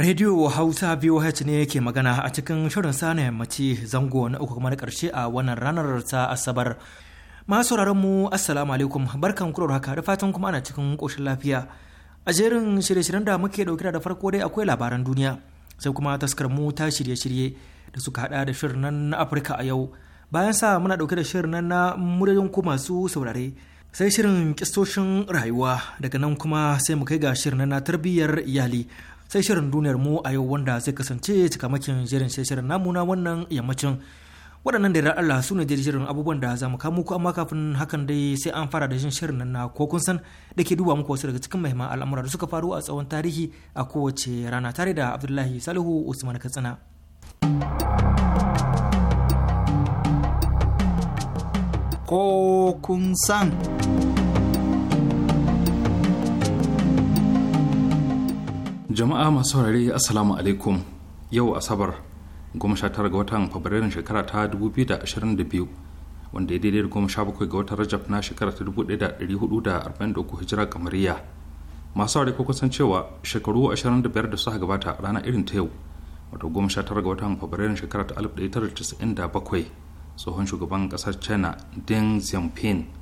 Radio Hausa VOH ne ke magana a cikin shirin sa na yammaci zango na uku kuma na ƙarshe a wannan ranar ta Asabar. Masu mu Assalamu alaikum barkan kuro haka da fatan kuma ana cikin ƙoshin lafiya. A jerin shirye-shiryen da muke ɗauke da farko dai akwai labaran duniya sai kuma taskar mu ta shirye-shirye da suka haɗa da shirin nan na Afirka a yau. Bayan sa muna ɗauke da shirin nan na muryoyin ku masu saurare. Sai shirin kistoshin rayuwa daga nan kuma sai mu kai ga shirin na tarbiyyar iyali sai shirin duniyar mu a yau wanda zai kasance cikamakin jirin sai shirin namuna na wannan yammacin waɗannan da Allah su ne jirgin abubuwan da za mu kamo ku amma kafin hakan dai sai an fara da jin shirin nan na ko kun san da ke duba muku wasu daga cikin mahimman al'amura da suka faru a tsawon tarihi a kowace rana tare da Abdullahi Salihu Usman Katsina. Ko kun san. jama'a masu saurare assalamu alaikum yau asabar 19 ga watan fabrairun shekara ta 2022 wanda ya daidai da 17 ga watan rajab na shekara ta 1443 hijira kamariya masu saurare ko kusan cewa shekaru 25 da suka gabata rana irin ta yau wato 19 ga watan fabrairun shekara ta 1997 tsohon shugaban kasar china deng xiaoping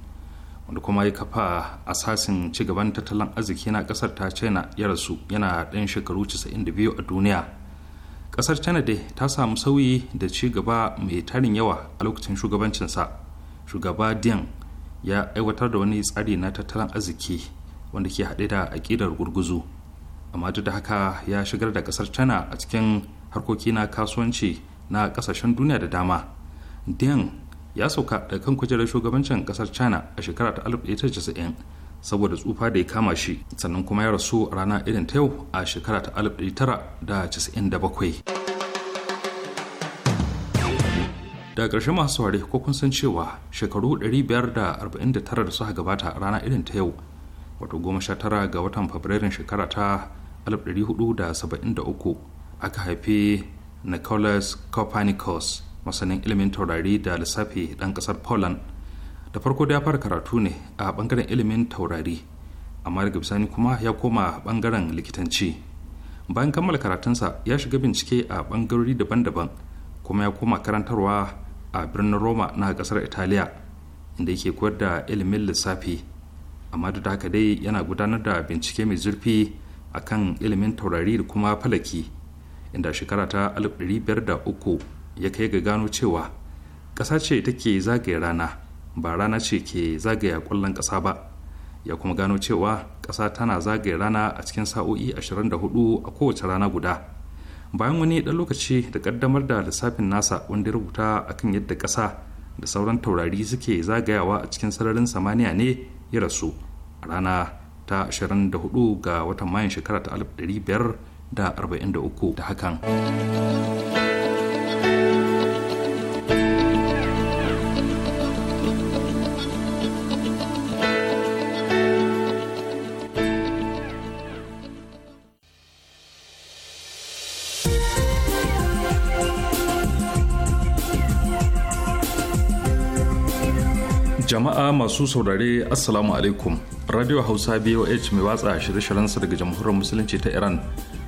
wanda kuma ya kafa asasin cigaban tattalin arziki na kasar ta china ya rasu yana ɗan shekaru 92 a duniya kasar china dai ta samu sauyi da ci gaba mai tarin yawa a lokacin shugabancinsa shugaba deng ya aiwatar da wani tsari na tattalin arziki wanda ke haɗe da aƙidar gurguzu amma duk da haka ya shigar da kasar china a cikin harkoki na kasuwanci na ƙasashen duniya da dama deng ya sauka daga kan kujerar shugabancin kasar china a shekara ta 1990 saboda tsufa da ya kama shi sannan kuma ya rasu a rana irin ta yau a shekara ta 1997 daga ƙarshe masu saurari ko kun san cewa shekaru 549 da suka gabata a rana irin ta yau wato 19 ga watan fabrairun shekara ta 1473 aka haifi nicholas copernicus masanin ilimin taurari da lissafi ɗan ƙasar poland da farko da ya fara karatu ne a ɓangaren ilimin taurari amma daga bisani kuma ya koma ɓangaren likitanci bayan kammala karatunsa ya shiga bincike a ɓangarori daban-daban kuma ya koma karantarwa a birnin roma na ƙasar italiya inda yake koyar da ilimin lissafi amma duk da haka dai yana gudanar da bincike mai zurfi a kan ilimin taurari da kuma falaki inda shekara ta 1503 ya kai ga gano cewa ƙasa ce take zagaye rana ba rana ce ke zagaya ƙwallon ƙasa ba ya kuma gano cewa ƙasa tana zagaye rana a cikin sa'o'i 24 a kowace rana guda bayan wani ɗan lokaci da ƙaddamar da lissafin nasa wanda ya rubuta kan yadda ƙasa da sauran taurari suke zagayawa a cikin sararin samaniya ne ya rasu a rana ta 24 ga watan mayan shekara ta 1543 da hakan jama'a masu saurare assalamu alaikum radio hausa boh mai watsa shirye-shiryensa daga jamhuriyar musulunci ta iran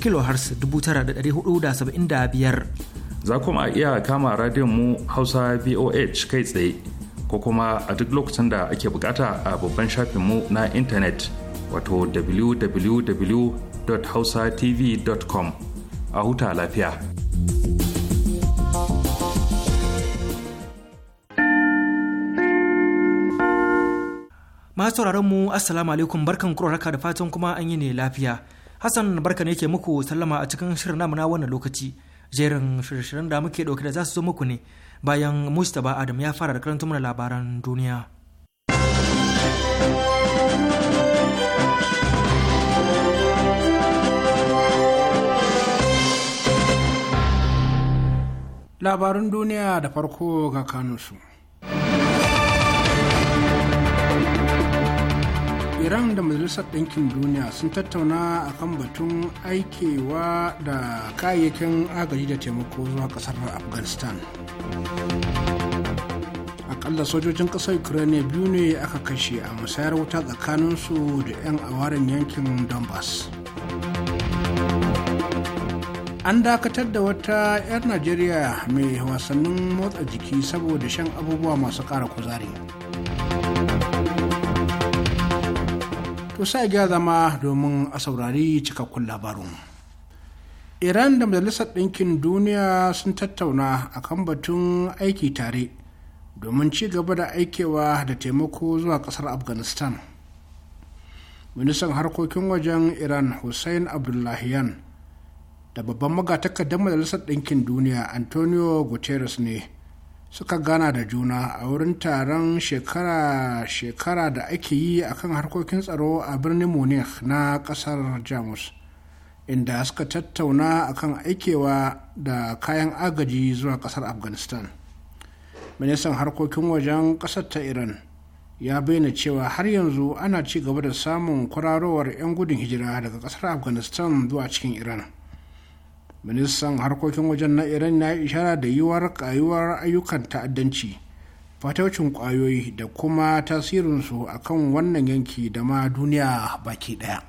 kilohertz biyar. za kuma iya kama radiyon mu hausa boh kai tsaye ko kuma a duk lokacin da ake bukata a babban mu na intanet wato www.hausatv.com a huta lafiya masu mu assalamu alaikum barkan kuraraka da fatan kuma an yi ne lafiya Hassan barka ne ke muku sallama a cikin shirin namu na wannan lokaci. Jerin shirye-shiryen da muke ɗauke da za su zo muku ne bayan Mustapha Adam ya fara da karanta mana labaran duniya. Labarin duniya da farko ga kanusu. iran da majalisar ɗinkin duniya sun tattauna a kan batun aikewa da kayayyakin agaji da taimako zuwa ƙasar afghanistan akalla sojojin ƙasar ukraine biyu ne aka kashe a musayar wuta tsakaninsu da 'yan awarin yankin donbass an dakatar da wata 'yar najeriya mai wasannin motsa jiki saboda shan abubuwa masu ƙara kuzari. to sai ga zama domin a saurari cikakkun labarun. iran da majalisar ɗinkin duniya sun tattauna a kan batun aiki tare domin ci gaba da aikewa da taimako zuwa ƙasar afghanistan ministan harkokin wajen iran hussein abdullahian da babban magatakardar majalisar ɗinkin duniya antonio guterres ne suka gana da juna a wurin taron shekara-shekara da ake yi a kan harkokin tsaro a birnin munich na kasar jamus inda suka tattauna akan aikewa da kayan agaji zuwa kasar afghanistan ministan harkokin wajen kasar ta iran ya bayyana cewa har yanzu ana ci gaba da samun kwararowar 'yan gudun hijira daga kasar afghanistan zuwa cikin iran ministan harkokin wajen na iran na ishara da yiwuwar kayuwar ayyukan ta'addanci fataucin kwayoyi da kuma tasirinsu a kan wannan yanki da ma duniya baki daya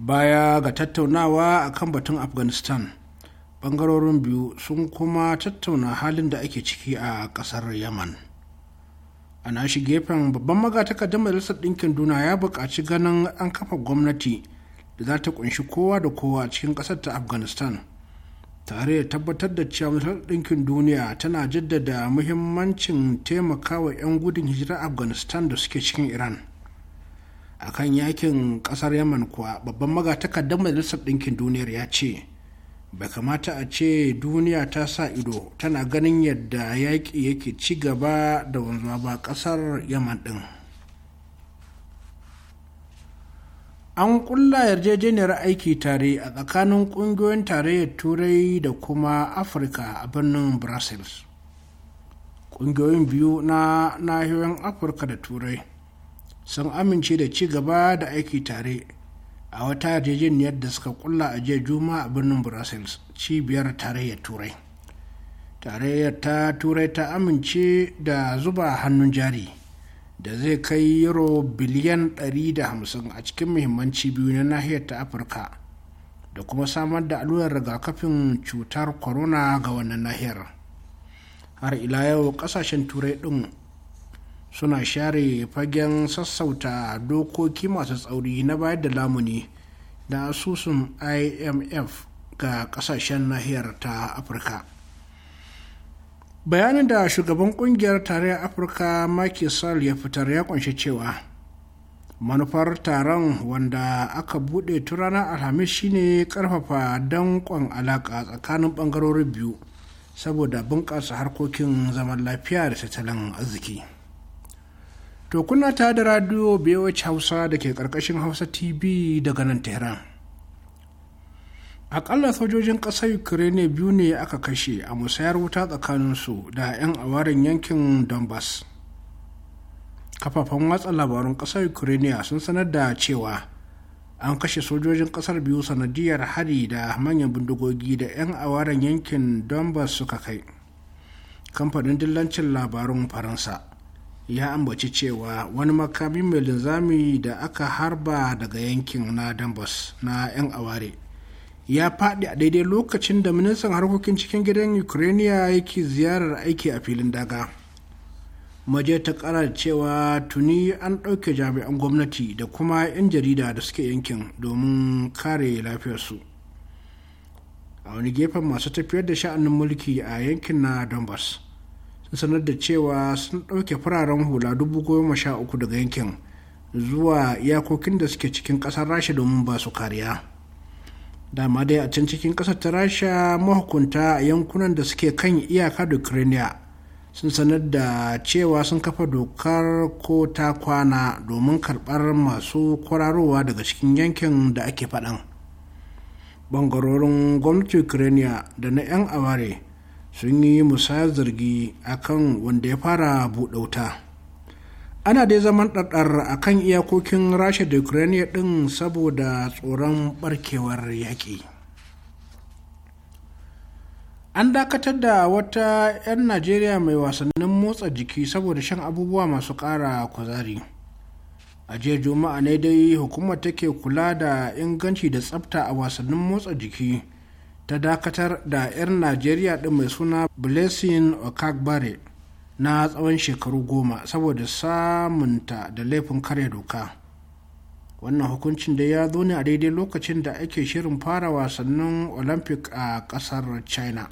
baya ga tattaunawa a kan batun afghanistan bangarorin biyu sun kuma tattauna halin da ake ciki a kasar yaman a nashi gefen babban magatakardar majalisar ɗinkin duna ya buƙaci ganin an kafa gwamnati da za ta kunshi kowa da kowa cikin ƙasar ta afghanistan tare da tabbatar da cewa majalisar ɗinkin duniya tana jaddada muhimmancin taimakawa 'yan gudun hijira afghanistan da suke cikin iran a kan yakin ƙasar yaman kuwa babban magatakardar majalisar ɗinkin duniyar ya ce bai kamata a ce duniya ta sa ido tana ganin yadda yaƙi yake ci gaba da wanzuwa ba ƙasar yaman ɗin. an kulla yarjejeniyar aiki tare a tsakanin kungiyoyin tarayyar turai da kuma afirka a birnin brussels kungiyoyin biyu na nahiyoyin afirka da turai sun amince da ci gaba da aiki tare a wata yarjejeniyar da suka kulla a jiya juma a birnin brussels cibiyar tarayyar turai tarayyar ta turai ta amince da zuba hannun jari da zai kai euro biliyan 150 a cikin muhimman biyu na nahiyar ta afirka da kuma samar da allurar rigakafin cutar corona ga wannan nahiyar har ila yau kasashen turai din suna share fagen sassauta dokoki masu tsauri na bayar da lamuni da asusun imf ga kasashen nahiyar ta afirka bayanin da shugaban kungiyar tarayyar afirka Macky Sall ya fitar ya kunshi cewa manufar taron wanda aka bude tun ranar alhamis shine karfafa dankon alaka tsakanin ɓangarorin biyu saboda bunƙasa harkokin zaman lafiya da tattalin arziki to kuna ta da radio bewa hausa da ke ƙarƙashin hausa tv daga nan tehran akalla sojojin ƙasar ukraine biyu ne aka kashe a musayar wuta tsakanin su da 'yan awarin yankin donbass kafafen watsa labarun ƙasar ukraine sun sanar da cewa an kashe sojojin ƙasar biyu sanadiyar hari da manyan bindigogi da 'yan awarin yankin donbass suka kai kamfanin dillancin labarun faransa ya ambaci cewa wani makami mai linzami da aka harba daga yankin na donbass na 'yan aware ya faɗi a daidai lokacin da ministan harkokin cikin gidan ukraine yake ziyarar aiki a filin daga maje ta kara cewa tuni an ɗauke jami'an gwamnati da kuma 'yan jarida da suke yankin domin kare lafiyarsu a wani gefen masu tafiyar da sha'anin mulki a yankin na donbass sun sanar da cewa sun ɗauke fararen hula dubu goma sha uku daga yankin zuwa iyakokin da suke cikin ƙasar rasha domin ba su kariya dama dai a can cikin ƙasar ta rasha mahukunta a yankunan da suke kan iyaka da ukraine sun sanar da cewa sun kafa dokar ko ta kwana domin karɓar masu kwararowa daga cikin yankin da ake faɗan bangarorin gwamnati ukraine da na 'yan aware sun yi musayar zargi akan wanda ya fara buɗe wuta. ana dai zaman ɗaɗɗar a kan iyakokin rasha da ukraine ɗin saboda tsoron ɓarkewar yaƙi an dakatar da wata 'yan najeriya mai wasannin motsa jiki saboda shan abubuwa masu ƙara kuzari a jiya juma'a ne dai hukumar take kula da inganci da tsafta a wasannin motsa jiki ta dakatar da 'yan najeriya ɗin mai suna blessing okagbare na tsawon shekaru goma saboda samunta da laifin karya doka wannan hukuncin da ya zo ne a daidai lokacin da ake shirin fara wasannin olympic a kasar china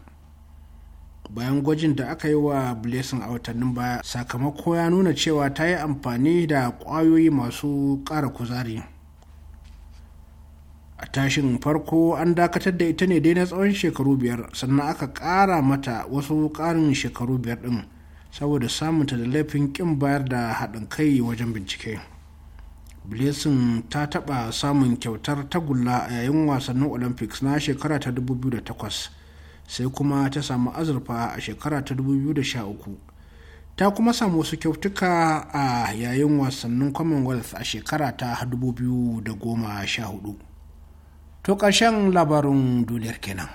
bayan gwajin da aka yi wa blessing a watannin baya sakamako ya nuna cewa ta yi amfani da kwayoyi masu ƙara kuzari a tashin farko an dakatar da ita ne dai na tsawon shekaru biyar sannan aka ƙara mata wasu ƙarin shekaru biyar ɗin saboda samunta da laifin kin bayar da haɗin kai wajen bincike blessing ta taɓa samun kyautar tagulla a yayin wasannin olympics na shekara ta 2008 sai kuma ta samu azurfa a shekara ta 2013 ta kuma samu wasu kyautuka a yayin wasannin commonwealth a shekara ta 2014 to ƙarshen labarin duniyar kenan.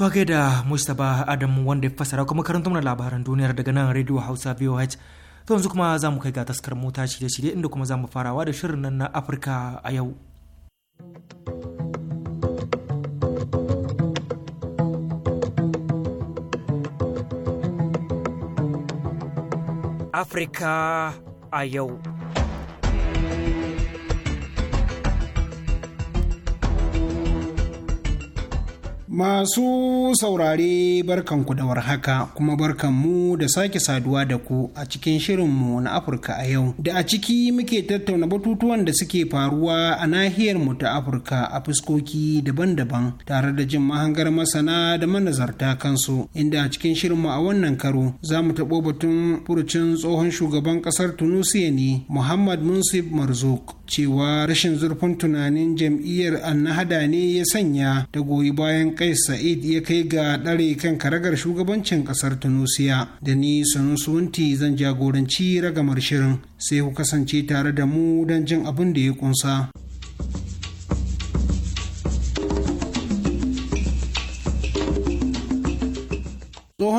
To ga da Mustapha Adam wanda ya fasara kuma karanta mana labaran duniyar daga nan Radio Hausa VOH. To yanzu kuma za mu kai ga taskar mota shirye-shirye inda kuma za mu farawa da shirin nan na Afirka a yau. Afirka a yau. Masu saurare barkanku da warhaka kuma barkanmu da sake saduwa da ku a cikin shirinmu na Afirka a yau. Da a ciki muke tattauna batutuwan da suke faruwa a nahiyarmu ta Afirka a fuskoki daban-daban tare da jin mahangar masana da manazarta kansu inda a cikin shirinmu a wannan karo za mu taɓo batun furucin tsohon shugaban ƙasar Tunusia ne Muhammad Munsif Marzuk cewa rashin zurfin tunanin jam'iyyar annahada ne ya sanya da goyi bayan kai sa'id ya kai ga ɗare kan karagar shugabancin ƙasar tunusiya da ni sanusunti zan jagoranci ragamar shirin sai ku kasance tare da mu don jin abin da ya kunsa.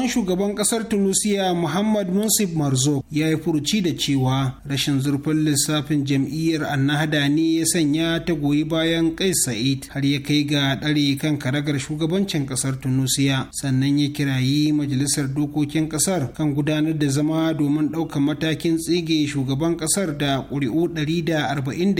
tsohon shugaban kasar tunisia muhammad munsif marzouk ya yi furuci da cewa rashin zurfin lissafin jam'iyyar annahda ne ya sanya ta goyi bayan kai sa'id har ya kai ga ɗare kan karagar shugabancin kasar tunisia sannan ya kirayi majalisar dokokin kasar kan gudanar da zama domin ɗaukar matakin tsige shugaban kasar da ƙuri'u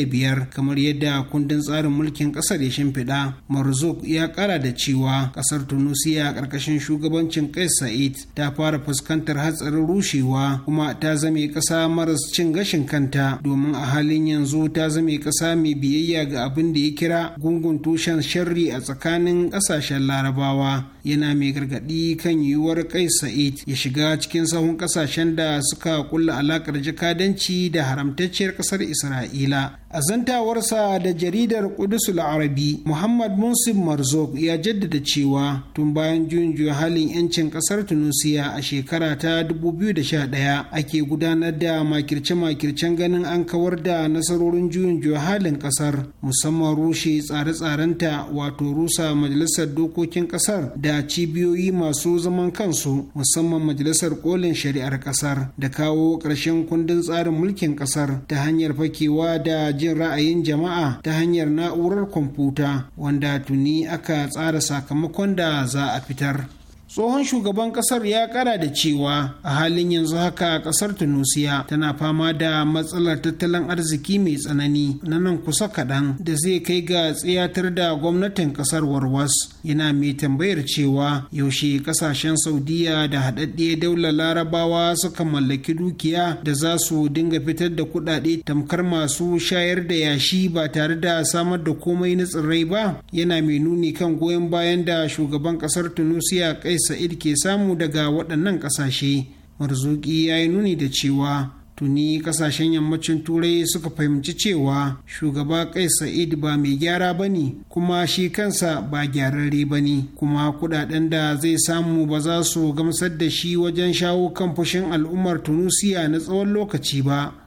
biyar kamar yadda kundin tsarin mulkin kasar ya shimfiɗa marzouk ya ƙara da cewa kasar tunisia ƙarƙashin shugabancin kai sa'id Said ta fara fuskantar hatsarin rushewa kuma ta zame ƙasa maras cin gashin kanta domin a halin yanzu ta zame ƙasa mai biyayya ga abin da ya kira gungun tushen sharri a tsakanin ƙasashen larabawa yana mai gargaɗi kan yiwuwar kai sa'id ya shiga cikin sahun ƙasashen da suka kulla alakar jakadanci da haramtacciyar ƙasar isra'ila a zantawarsa da jaridar kudusul arabi muhammad munsif marzok ya jaddada cewa tun bayan juyin halin 'yancin ƙasar tunisia a shekara ta 2011 ake gudanar da makirce-makircen ganin an kawar da nasarorin juyin halin ƙasar musamman rushe tsare-tsarenta wato rusa majalisar dokokin ƙasar da da cibiyoyi masu zaman kansu musamman majalisar kolin shari'ar kasar da kawo ƙarshen kundin tsarin mulkin kasar ta hanyar fakewa da jin ra'ayin jama'a ta hanyar na'urar kwamfuta wanda tuni aka tsara sakamakon da za a fitar. tsohon shugaban kasar ya kara da cewa a halin yanzu haka kasar tunisia tana fama da matsalar tattalin arziki mai tsanani na nan kusa kaɗan da zai kai ga tsayatar da gwamnatin kasar warwas yana mai tambayar cewa yaushe kasashen saudiya da haɗaɗɗe daular larabawa suka mallaki dukiya da za su dinga fitar da kuɗaɗe tamkar masu shayar da yashi ba tare da samar da komai na tsirrai ba yana mai nuni kan goyon bayan da shugaban kasar tunisia kai sa'id ke samu daga waɗannan ƙasashe marzuki ya yi nuni da cewa tuni ƙasashen yammacin turai suka fahimci cewa shugaba kai sa'id ba mai gyara ba ne kuma shi kansa ba gyararre ba ne kuma kudaden da zai samu ba za su gamsar da shi wajen shawo kan fushin al'ummar tunusiya na tsawon lokaci ba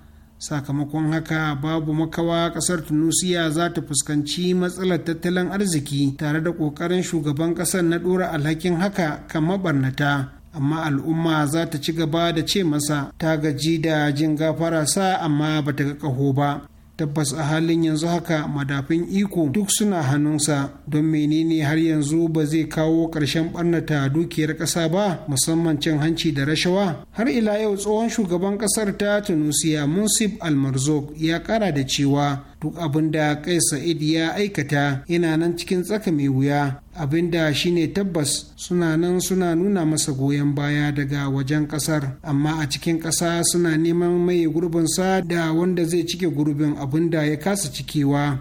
sakamakon haka babu makawa kasar tunusiya za ta fuskanci matsalar tattalin arziki tare da ƙoƙarin shugaban ƙasar na ɗora alhakin haka kan mabarnata amma al'umma za ta ci gaba da ce masa ta gaji da jin gafara sa amma ba ta ga ƙaho ba tabbas a halin yanzu haka madafin iko duk suna hannunsa don menene har yanzu ba zai kawo ƙarshen ɓarnata dukiyar ƙasa ba musamman cin hanci da rashawa har ila yau tsohon shugaban ƙasar ta tunusiya munsif almarzok ya ƙara da cewa duk abin da kai sa'id ya aikata yana nan cikin tsaka mai wuya abin da shi ne tabbas suna nan suna nuna masa goyon baya daga wajen kasar amma a cikin ƙasa suna neman mai gurbinsa da wanda zai cike gurbin abin da ya kasa cikewa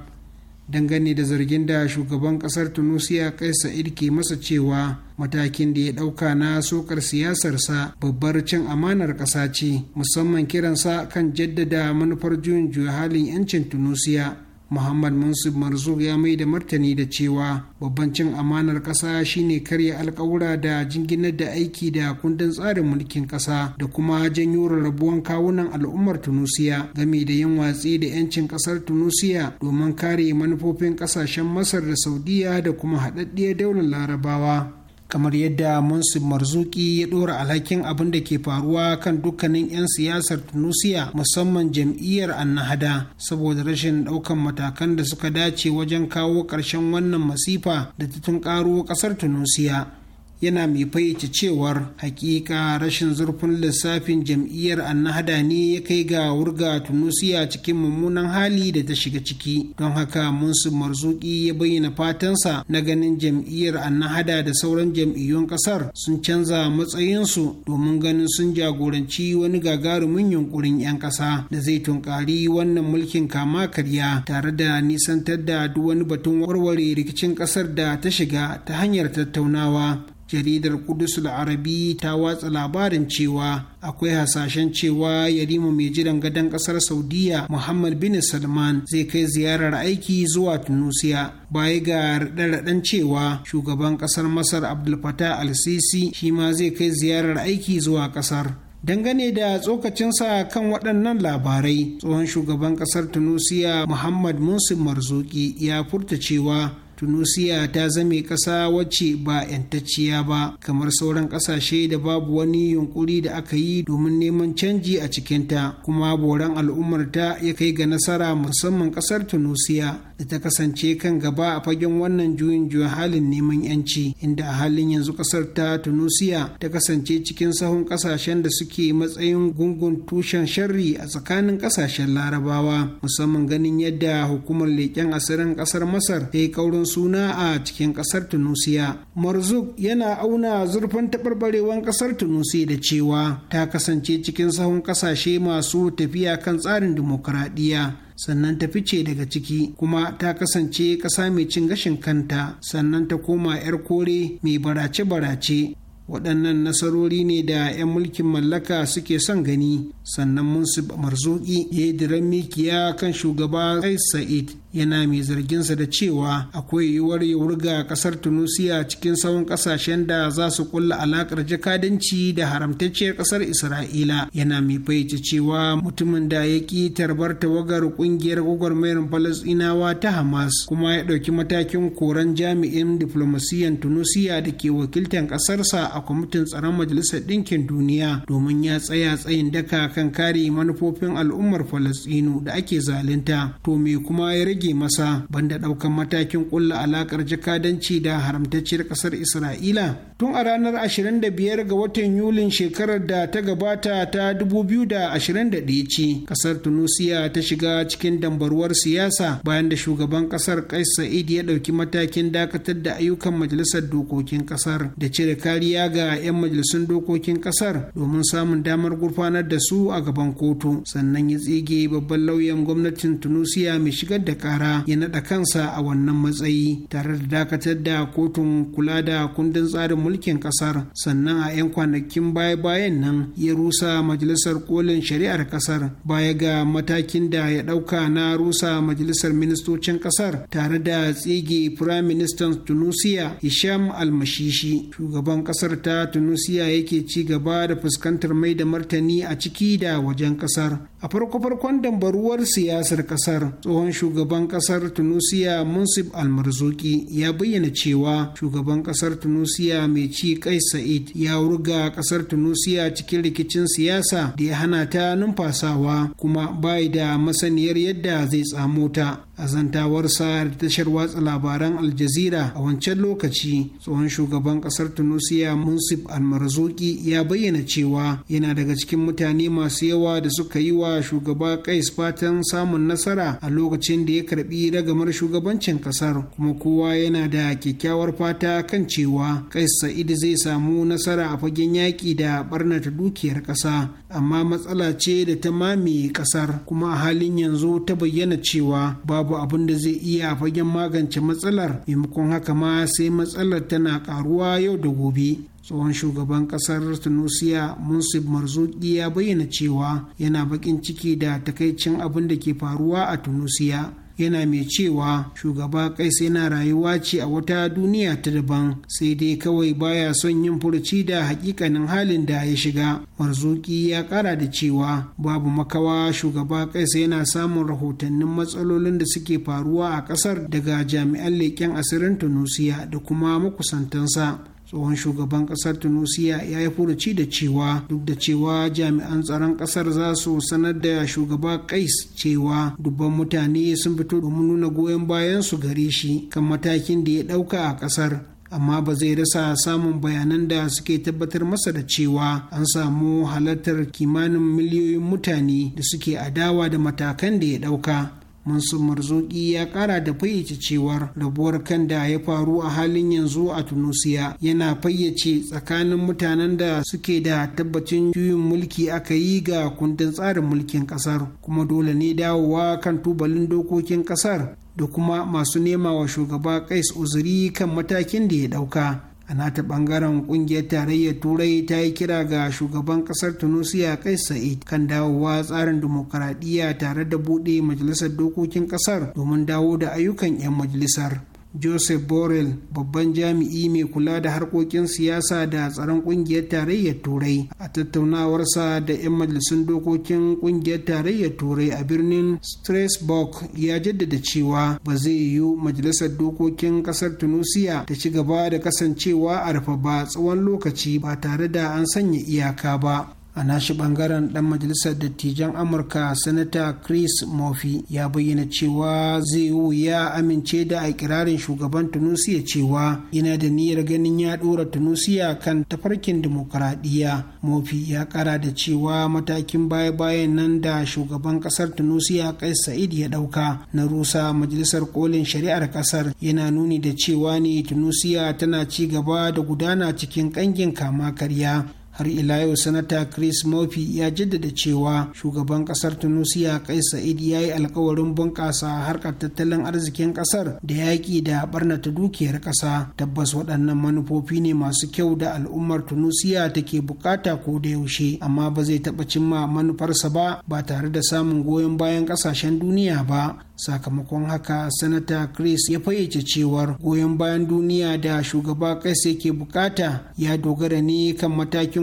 dangane da zargin da shugaban kasar tunisia kai sa'id ke masa cewa matakin da ya ɗauka na sokar siyasarsa babbar cin amanar ƙasa ce musamman kiransa kan jaddada manufar juyin juya halin 'yancin tunisia muhammad mansub marzuk ya mai da martani da cewa babban cin amanar ƙasa shine karya alkawura da jinginar da aiki da kundin tsarin mulkin ƙasa da kuma janyo rarrabuwan kawunan al'ummar tunusiya game da yin watsi da 'yancin ƙasar tunusiya domin kare manufofin ƙasashen masar da saudiya da kuma haɗaɗɗiyar daular larabawa kamar yadda Munsif Marzuki ya ɗora alhakin abin da ke faruwa kan dukkanin 'yan siyasar Tunusiya musamman jam'iyyar Annahada saboda rashin daukan matakan da suka dace wajen kawo ƙarshen wannan masifa da ta tunkaro ƙasar Tunusiya. yana mai fayyace cewar hakika rashin zurfin lissafin jam'iyyar annahada ne ya kai ga wurga tunusiya cikin mummunan hali da ta shiga ciki don haka munsu marzuki ya bayyana fatansa na ganin jam'iyyar annahada da sauran jam'iyyun kasar sun canza matsayinsu domin ganin sun jagoranci wani gagarumin yunkurin 'yan kasa da zai tunkari wannan mulkin kama karya tare da nisantar da duk wani batun warware rikicin kasar da ta shiga ta hanyar tattaunawa jaridar kudus arabi ta watsa labarin cewa akwai hasashen cewa yarima mai jiran gadon kasar saudiya muhammad bin salman zai kai ziyarar aiki zuwa tunusiya baya ga raɗe cewa shugaban kasar masar abdul fatah al-sisi shi ma zai kai ziyarar aiki zuwa kasar dangane da tsokacinsa kan waɗannan labarai tsohon shugaban ƙasar tunusiya muhammad musin marzuki ya furta cewa tunisia ta zame ƙasa wacce ba 'yantacciya ba kamar sauran ƙasashe da babu wani yunkuri da aka yi domin neman canji a cikinta kuma boran al'ummarta ya kai ga nasara musamman ƙasar tunisia da ta kasance kan gaba a fagen wannan juyin juyin halin neman yanci inda a halin yanzu kasar ta tunusiya ta kasance cikin sahun kasashen da suke matsayin gungun tushen sharri a tsakanin kasashen larabawa musamman ganin yadda hukumar leƙen asirin kasar masar ta yi kaurin suna a cikin kasar tunusiya marzuk yana auna zurfin taɓarɓarewan kasar tunusiya da cewa ta kasance cikin sahun kasashe masu tafiya kan tsarin dimokuraɗiyya sannan ta fice daga ciki kuma ta kasance ƙasa mai cin gashin kanta sannan ta koma 'yar kore mai barace-barace waɗannan nasarori ne da 'yan mulkin mallaka suke son gani sannan munsif marzuki ya yi diran mikiya kan shugaba kai sa'id yana mai zarginsa da cewa akwai yiwuwar ya wurga kasar tunisia cikin sauran kasashen da za su kulla alakar jakadanci da haramtacciyar kasar isra'ila yana mai fahimci cewa mutumin da ya ƙi tarbar tawagar kungiyar gwagwarmayar falasinawa ta hamas kuma ya ɗauki matakin koran jami'in diflomasiyan tunisia da ke wakiltar kasarsa a kwamitin tsaron majalisar ɗinkin duniya domin ya tsaya tsayin daka kan kare manufofin al'ummar falasinu da ake zalunta to me kuma ya rage rage masa banda ɗaukan matakin ƙulla alakar jakadanci da haramtacciyar ƙasar Isra'ila. Tun a ranar 25 ga watan Yulin shekarar da ta gabata ta 2021 ce, ƙasar tunisia ta shiga cikin dambarwar siyasa bayan da shugaban ƙasar Kais Sa'id ya ɗauki matakin dakatar da ayyukan majalisar dokokin ƙasar da cire kariya ga 'yan majalisun dokokin ƙasar domin samun damar gurfanar da su a gaban kotu. Sannan ya tsige babban lauyan gwamnatin tunisia mai shigar da yara ya naɗa kansa a wannan matsayi tare da dakatar da kotun kula da kundin tsarin mulkin ƙasar sannan a 'yan kwanakin baya-bayan nan ya rusa majalisar kolin shari'ar ƙasar baya ga matakin da ya ɗauka na rusa majalisar ministocin ƙasar tare da tsige firayim ministan tunusia hisham almashishi shugaban ƙasar ta tunusia yake ci gaba da fuskantar mai da martani a ciki da wajen ƙasar a farko-farkon dambaruwar siyasar ƙasar tsohon shugaban shugaban kasar tunisia munsif almarzuki ya bayyana cewa shugaban kasar tunisia mai ci kai sa'id ya wurga kasar tunisia cikin rikicin siyasa da ya hana ta numfasawa kuma bai da masaniyar yadda zai tsamo ta a zantawarsa da tashar watsa labaran aljazira a wancan lokaci tsohon shugaban kasar tunisia munsif almarzuki ya bayyana cewa yana daga cikin mutane masu yawa da suka yi wa shugaba kais fatan samun nasara a lokacin da ya karbi ragamar shugabancin kasar kuma kowa yana da kyakkyawar fata kan cewa kais sa'id zai samu nasara a fagen yaƙi da barnata dukiyar ƙasa amma matsala ce da ta mame kasar kuma a halin yanzu ta bayyana cewa babu babu abin da zai iya fagen magance matsalar maimakon haka ma sai matsalar tana karuwa yau da gobe tsohon shugaban kasar tunisia munsif marzuki ya bayyana cewa yana bakin ciki da takaicin abin da ke faruwa a tunisia yana mai cewa shugaba sai yana rayuwa ce a wata duniya ta daban sai dai kawai baya son yin furci da hakikanin halin da ya shiga marzuki ya kara da cewa babu makawa shugaba sai yana samun rahotannin matsalolin da suke faruwa a kasar daga jami'an leƙen asirin tunusiya da kuma makusantansa tsohon shugaban kasar tunisia ya yi furuci da cewa duk da cewa jami'an tsaron kasar za su sanar da shugaba kais cewa dubban mutane sun fito domin nuna goyon bayan su gare shi kan matakin da ya ɗauka a kasar amma ba zai rasa samun bayanan da suke tabbatar masa da cewa an samu halartar kimanin miliyoyin mutane da suke adawa da matakan da ya ɗauka mansur Marzuki ya kara da fayyace cewar rabuwar kan da ya faru a halin yanzu a tunusiya yana fayyace tsakanin mutanen da suke da tabbacin juyin mulki aka yi ga kundin tsarin mulkin kasar kuma dole ne dawowa kan tubalin dokokin kasar da kuma masu nema wa shugaba kais uzuri kan matakin da ya dauka a nata bangaren kungiyar tarayyar turai ta yi kira ga shugaban kasar tunisia kai sa'id kan dawowa tsarin dimokuraɗiyya tare da buɗe majalisar dokokin kasar domin dawo da ayyukan 'yan majalisar joseph borrell babban jami'i mai kula da harkokin siyasa da tsaron kungiyar tarayyar turai a tattaunawarsa da 'yan majalisun dokokin kungiyar tarayyar turai a birnin strasbourg ya jaddada cewa ba zai yiwu majalisar dokokin kasar tunisia ta ci gaba da kasancewa a rufe ba tsawon lokaci ba tare da an sanya iyaka ba a nashi bangaren dan majalisar dattijan amurka sanata chris murphy ya bayyana cewa zai wuya amince da a ikirarin shugaban tunisia cewa yana da niyyar ganin ya dora tunisia kan tafarkin dimokuraɗiyya murphy ya kara da cewa matakin baya-bayan nan da shugaban kasar tunisia kai sa'id ya dauka na rusa majalisar kolin shari'ar kasar yana nuni da cewa ne tunisia tana ci gaba da gudana cikin kangin kama karya har ila yau sanata chris murphy ya jaddada cewa shugaban kasar tunisia kai sa'id ya yi alkawarin bunƙasa harkar tattalin arzikin kasar da yaƙi da barnata dukiyar ƙasa tabbas waɗannan manufofi ne masu kyau da al'ummar tunisia take bukata ko da yaushe amma ba zai taɓa cimma manufarsa ba ba tare da samun goyon bayan ƙasashen duniya ba sakamakon haka sanata chris ya fayyace cewar goyon bayan duniya da shugaba kais ke bukata ya dogara ne kan matakin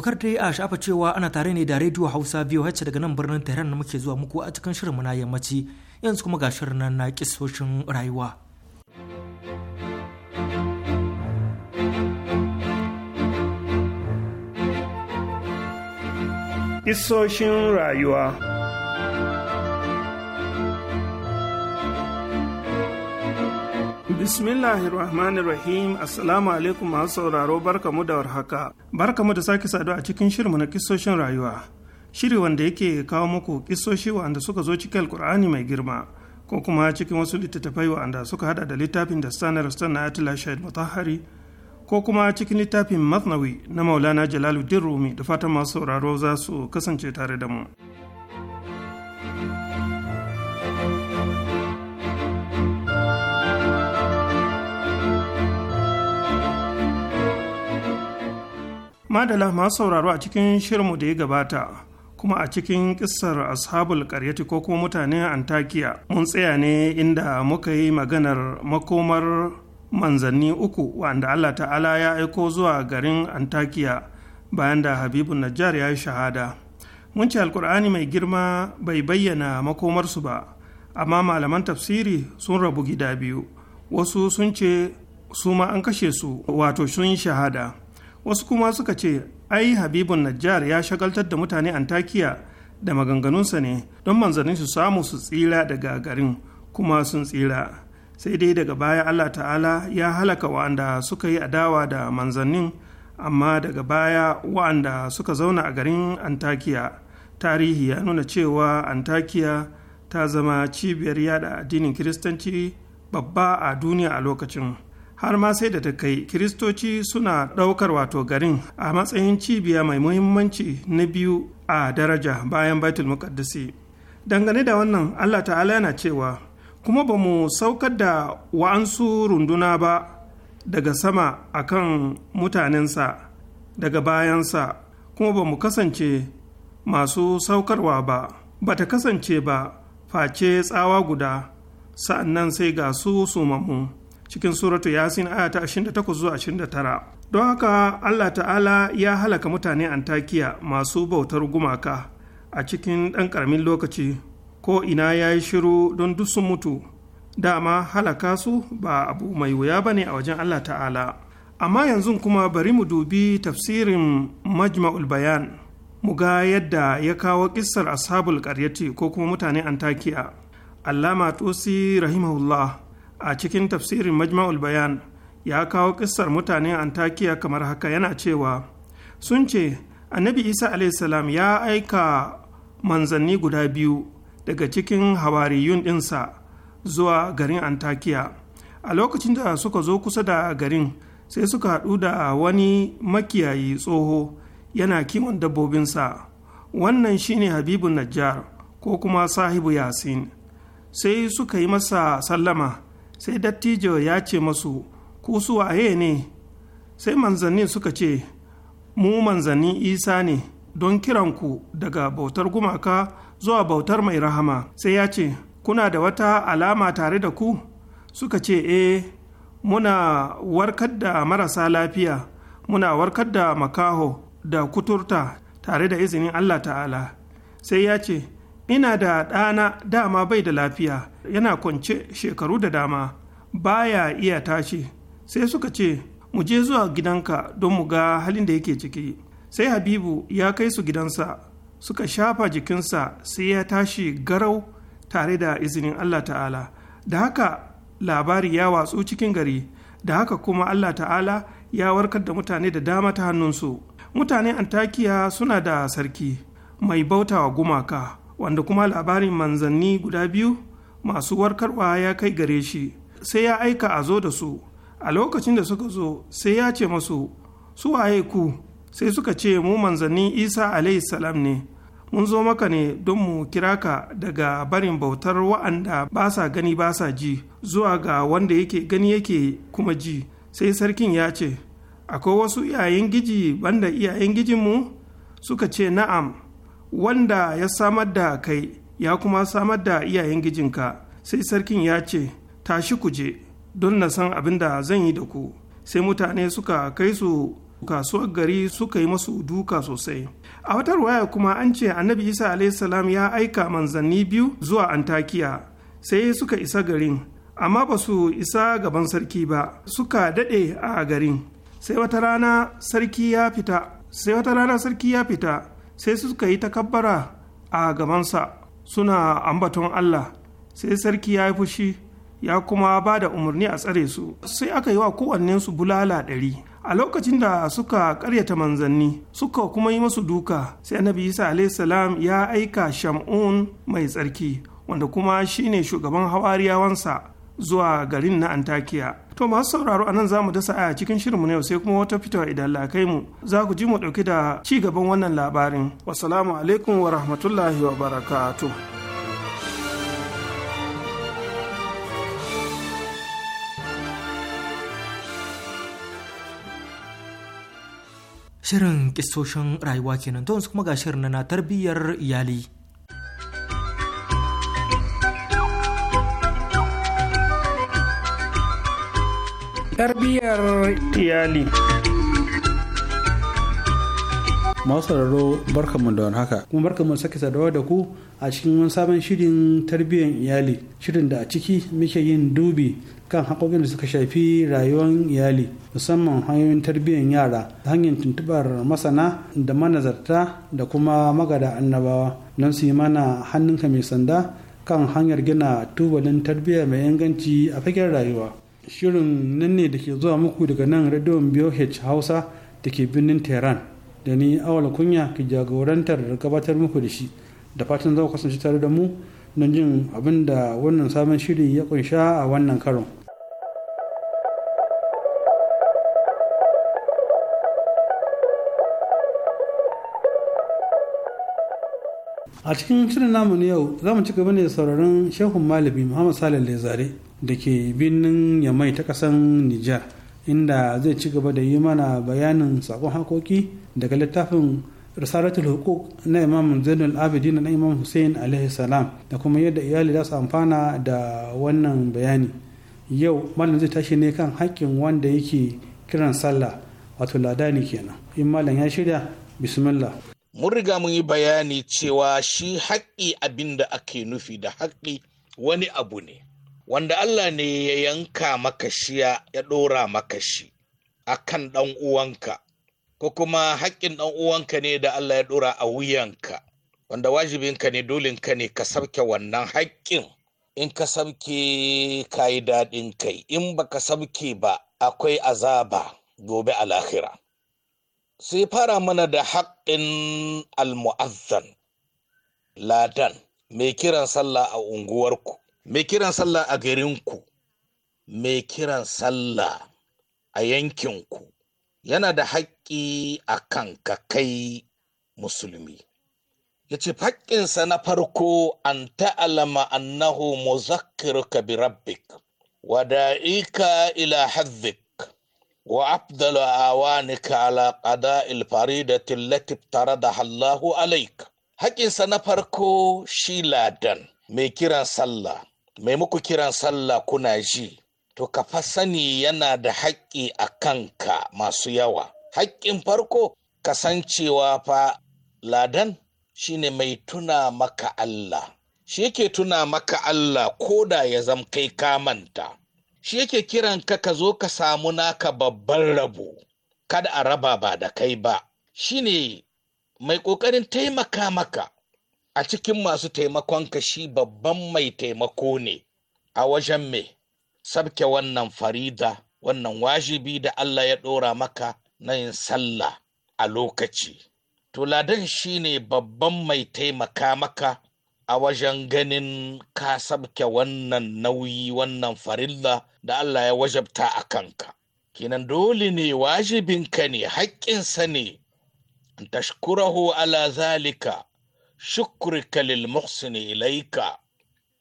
tokar dai a shafa cewa ana tare ne da rediyo hausa biyu hacce daga nan birnin tehran muke zuwa muku a cikin shirin na yammaci yanzu kuma ga shirin nan na kisoshin rayuwa Isoshin rayuwa Bismillahirrahmanirrahim Assalamu alaikum masu sauraro barkamu da warhaka. mu da sake saduwa a cikin shirmu na kisoshin rayuwa. Shiri wanda yake kawo muku kisoshi wanda suka zo cikin Alkur'ani mai girma ko kuma cikin wasu littattafai wanda suka hada da littafin da Stanar Stan na Atila Shahid Mutahari ko kuma cikin littafin Masnawi na Maulana Jalaluddin Rumi da fatan masu sauraro za su kasance tare da mu. madala masu sauraro a cikin shirinmu da ya gabata kuma a cikin kissar ashabul karyati ko kuma mutanen antakiya mun tsaya ne inda muka yi maganar makomar manzanni uku wanda allah ta'ala ya aiko zuwa garin antakiya bayan da habibu najjar ya yi shahada mun ce alkur'ani mai girma bai bayyana makomarsu ba amma malaman tafsiri sun rabu gida biyu wasu sun ce su ma an kashe su wato sun shahada wasu kuma suka ce ai habibun najjar ya shagaltar da mutane antakiya da maganganunsa ne don manzannin su samu su tsira daga garin kuma sun tsira sai dai daga baya allah ta'ala ya halaka wa'anda suka yi adawa da manzannin amma daga baya wa'anda suka zauna a garin antakiya tarihi ya nuna cewa antakiya ta zama cibiyar yada addinin kiristanci babba a duniya a lokacin har ma sai da ta kai kiristoci suna ɗaukar wato garin a matsayin cibiya mai muhimmanci na biyu a daraja bayan baitul muqaddasi dangane da wannan allah ta'ala yana cewa kuma ba mu saukar da wa'ansu runduna ba daga sama a kan mutanensa daga bayansa kuma ba mu kasance masu saukarwa ba ba ta kasance ba face tsawa guda sa'annan sai ga su sumamu cikin suratu yasin aya ta 28 zuwa 29 don haka allah ta'ala ya halaka mutane antakiya masu bautar gumaka a cikin ɗan ƙaramin lokaci ko ina ya yi shiru don duk sun mutu dama halaka su ba abu mai wuya ba ne a wajen allah ta'ala amma yanzu kuma bari mu dubi tafsirin majma'ul bayan mu ga yadda ya kawo ƙissar ashabul ƙaryati ko kuma mutane antakiya allama tosi rahimahullah a cikin tafsirin majma'ul bayan ya kawo ƙisar mutanen antakiya kamar haka yana cewa sun ce annabi isa salam ya aika manzanni guda biyu daga cikin hawariyun ɗinsa zuwa garin antakiya a lokacin da suka zo kusa da garin sai suka haɗu da wani makiyayi tsoho yana kiwon dabbobinsa wannan shine habibu najjar ko kuma sahibu yasin sai suka yi masa sallama sai dattijo ya ce masu ku su waye ne sai manzannin suka ce mu manzannin isa ne don kiranku daga bautar gumaka zuwa bautar mai rahama sai ya ce kuna da wata alama tare da ku suka ce e muna warkar da marasa lafiya muna warkar da makaho da kuturta tare da izinin allah ta'ala sai ya ce ina da ɗana dama bai da lafiya yana kwance shekaru da dama baya iya tashi sai suka ce mu je zuwa gidanka don mu ga halin da yake ciki sai habibu ya kai su gidansa suka shafa jikinsa sai ya tashi garau tare da izinin allah ta'ala da haka labari ya watsu cikin gari da haka kuma allah ta'ala ya warkar da mutane da dama ta hannunsu Mutane antakiya suna da sarki mai bautawa gumaka wanda kuma labarin manzanni guda biyu masu warkarwa ya kai gare shi sai ya aika a zo da su a lokacin da suka zo sai ya ce masu su waye ku sai suka ce mu manzanni isa alayhi salam ne mun zo maka ne don mu kira ka daga barin bautar wa'anda ba sa gani ba sa ji zuwa ga wanda yake gani yake kuma ji sai sarkin ya ce akwai wasu iyayen giji banda iyayen gijinmu suka ce na'am wanda ya samar da kai ya kuma samar da iyayen gijinka sai sarkin ya ce tashi ku je don na san abin da zan yi da ku sai mutane suka kai su kasuwar gari suka yi masu duka sosai a watar waya kuma an ce annabi isa alaihissalam ya aika manzanni biyu zuwa antakiya sai suka isa garin amma ba su isa gaban sarki ba suka daɗe a garin sai wata sarki ya sai wata rana sarki ya fita sai suka yi takabbara a gabansa suna ambaton Allah sai sarki ya yi fushi ya kuma ba da umarni a tsare su sai aka yi wa kowannensu bulala ɗari a lokacin da suka karyata manzanni suka kuma yi masu duka sai annabi isa salam ya aika shamun mai tsarki wanda kuma shine shugaban hawariyawansa zuwa garin na antakiya To masu sauraro anan za mu dasa aya cikin shirinmu na yau sai kuma wata fitowa idan lakai mu za ku ji mu ɗauki da ci gaban wannan labarin. Wassalamu alaikum wa rahmatullahi wa barakatu. Shirin kisoshin rayuwa kenan to kuma ga shirin na tarbiyyar iyali. tarbiyyar iyali masararro barkamu barkanmu da haka kuma barkanmu sake sadawa da ku a cikin wani sabon shirin tarbiyyar iyali shirin da a ciki muke yin dubi kan haƙoƙin da suka shafi rayuwar iyali musamman hanyoyin tarbiyyar yara ta hanyar tuntubar masana da manazarta da kuma magada annabawa don su yi mana hannunka mai sanda kan hanyar gina tubalin tarbiyya mai inganci a fagen rayuwa shirin nan ne da ke zuwa muku daga nan radiyon BOH Hausa da ke birnin Tehran da ni awala kunya ke jagorantar da gabatar muku da shi da fatan za kasance tare da mu don jin abin da wannan sabon shiri ya kunsha a wannan karon. a cikin shirin namu na yau za mu ci gaba ne da sauraron shehun malami muhammad salih lezare da ke birnin yamai ta kasan nijar inda zai ci gaba da yi mana bayanin sakon hakoki daga littafin risalatul hukuk na imam zainul abidin na imam hussein alaihi salam da kuma yadda iyali za su amfana da wannan bayani yau malam zai tashi ne kan haƙƙin wanda yake kiran sallah wato ladani kenan in malam ya shirya bismillah mun riga mun yi bayani cewa shi haƙƙi abin da ake nufi da haƙƙi wani abu ne wanda Allah ne ya yanka maka shiya ya ɗora maka shi a kan ɗan'uwanka, ko kuma haƙƙin ɗan'uwanka ne da Allah ya ɗora a wuyanka wanda wajibinka ne dolinka ne ka sauke wannan haƙƙin in ka sauke ka yi daɗin kai in ba ka sauke ba akwai azaba gobe a lahira sai fara mana da haƙƙin almu'azzan ladan mai kiran sallah a unguwarku mai kiran sallah a garinku mai kiran sallah a yankinku yana da haƙƙi a kan ka kai musulmi ya ce haƙƙinsa na farko an ta'alama annahu muzakkiruka bi rabbik da'ika ila hazzik وأفضل أعوانك tare da hallahu التي haƙƙinsa na farko shi ladan Mai kiran sallah. mai muku kiran sallah kuna ji to ka fa sani yana da haƙƙi a kanka masu yawa haƙƙin farko kasancewa fa ladan shine mai tuna maka Allah shi yake tuna maka Allah ko da ya zam kai kamanta shi yake kiran ka ka zo ka samu naka babban rabo kada a raba ba da kai ba shine mai ƙoƙarin taimaka maka a cikin masu taimakon ka shi babban mai taimako ne a wajen me sabke wannan farida wannan wajibi da Allah ya ɗora maka na yin sallah a lokaci. Tuladan shi ne babban mai taimaka maka a wajen ganin ka sabke wannan nauyi wannan farilla da Allah ya wajabta a kanka. Kinan dole ne wajibinka ne haƙƙinsa ne, tashkurahu ala zalika shukuri kalil muhsini ilaika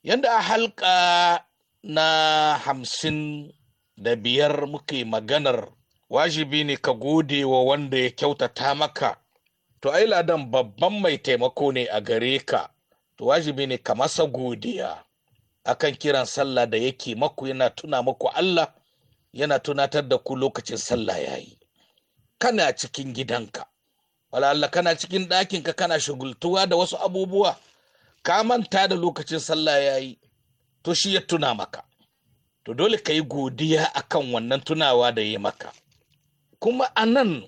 yadda a halka na hamsin da biyar muke maganar wajibi ne ka gode wa wanda ya kyautata maka to ai ladan babban mai taimako ne a gare ka to wajibi ne ka masa godiya akan kiran sallah da yake maku yana tuna maku Allah yana tunatar da ku lokacin sallah yayi kana cikin gidanka wala kana cikin ɗakinka kana shagultuwa da wasu abubuwa ka manta da lokacin sallah ya yi to shi ya tuna maka to dole ka yi godiya a kan wannan tunawa da ya maka kuma a nan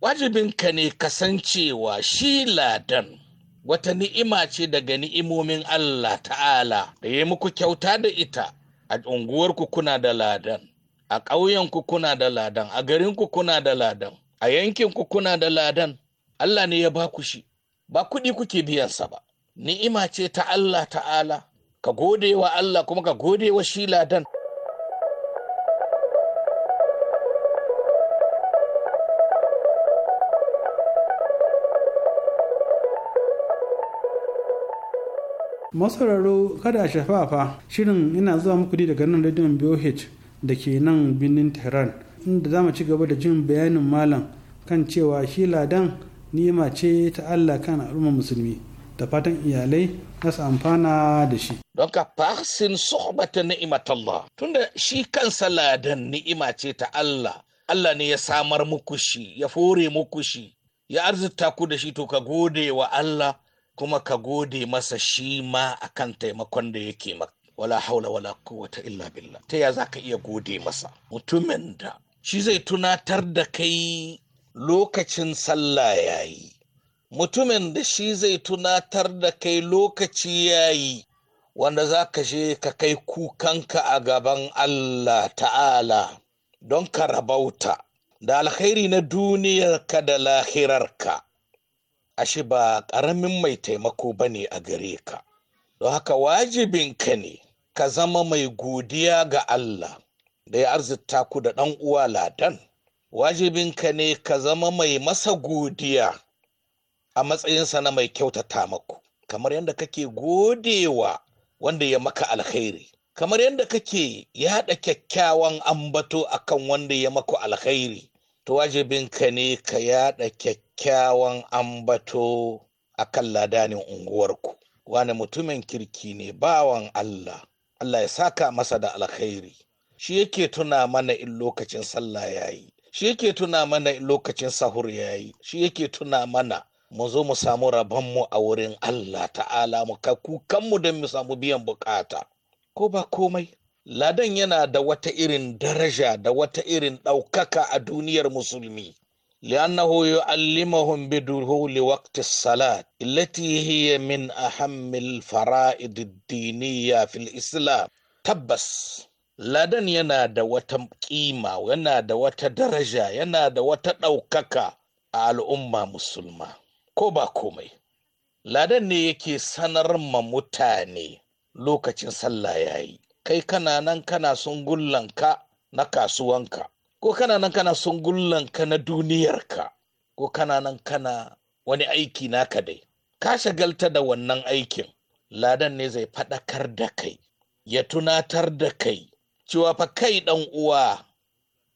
wajibinka ne kasancewa shi ladan wata ni'ima ce daga ni'imomin Allah ta'ala da ya yi muku kyauta da ita a unguwarku kuna da ladan a ƙauyenku kuna da ladan a garinku kuna da ladan a yankinku kuna da ladan Allah ne ya ba ku shi ba kuɗi kuke biyansa ba ni'ima ce ta Allah ta'ala ka gode wa Allah kuma ka gode wa shi ladan masararo kada shafafa shirin ina zuwa muku daga nan rediyon BOH da ke nan birnin Tehran inda za mu ci gaba da jin bayanin malam kan cewa shi ladan nima ce ta Allah kan al'ummar musulmi da fatan iyalai na su amfana da shi. Don ka fahsin suhbata ni'imatallah tunda shi kan ladan ni'ima ce ta Allah. Allah ne ya samar muku shi, ya fore muku shi, ya arzuta ku da shi to ka gode wa Allah kuma ka gode masa shi ma akan taimakon da yake maka. Wala haula wala quwwata illa billah. Ta ya za ka iya gode masa? Mutumin da shi zai tunatar da kai lokacin sallah ya yi mutumin da shi zai tunatar da kai lokaci ya yi wanda za ka je ka kai kukanka a gaban Allah ta'ala don ka rabauta da alkhairi na duniyarka da lahirarka ashe ba ƙaramin mai taimako ba ne a gare ka don haka wajibinka ne ka zama mai godiya ga Allah da ya arzita ku da ɗan uwa ladan wajibinka ne ka zama mai masa godiya a matsayinsa na mai kyautata maku kamar yadda kake godewa wanda ya maka alkhairi kamar yadda kake yaɗa kyakkyawan ambato akan wanda ya maku alkhairi to wajibinka ne ka yaɗa kyakkyawan ambato a kan ladanin unguwarku wani mutumin kirki ne bawan Allah Allah ya saka masa da alkhairi shi yake tuna mana in lokacin sallah ya yi shi yake tuna mana lokacin sahur ya yi shi yake tuna mana mu zo mu samu rabonmu a wurin Allah ta'ala mu ka mu don mu samu biyan bukata ko ba komai ladan yana da wata irin daraja da wata irin ɗaukaka a duniyar musulmi لأنه يعلمهم بدخول وقت الصلاة التي هي من أهم الفرائض الدينية في الإسلام تبس ladan yana da wata kima yana da wata daraja yana da wata ɗaukaka a al'umma musulma ko ba komai ladan ne yake sanar ma mutane lokacin sallah ya yi kai kana nan kana sun gullanka na kasuwanka ko kana nan kana sun gullanka na duniyarka ko kana nan kana wani aiki naka dai ka shagalta da wannan aikin ladan ne zai faɗakar da kai ya tunatar da kai cewa fa kai dan uwa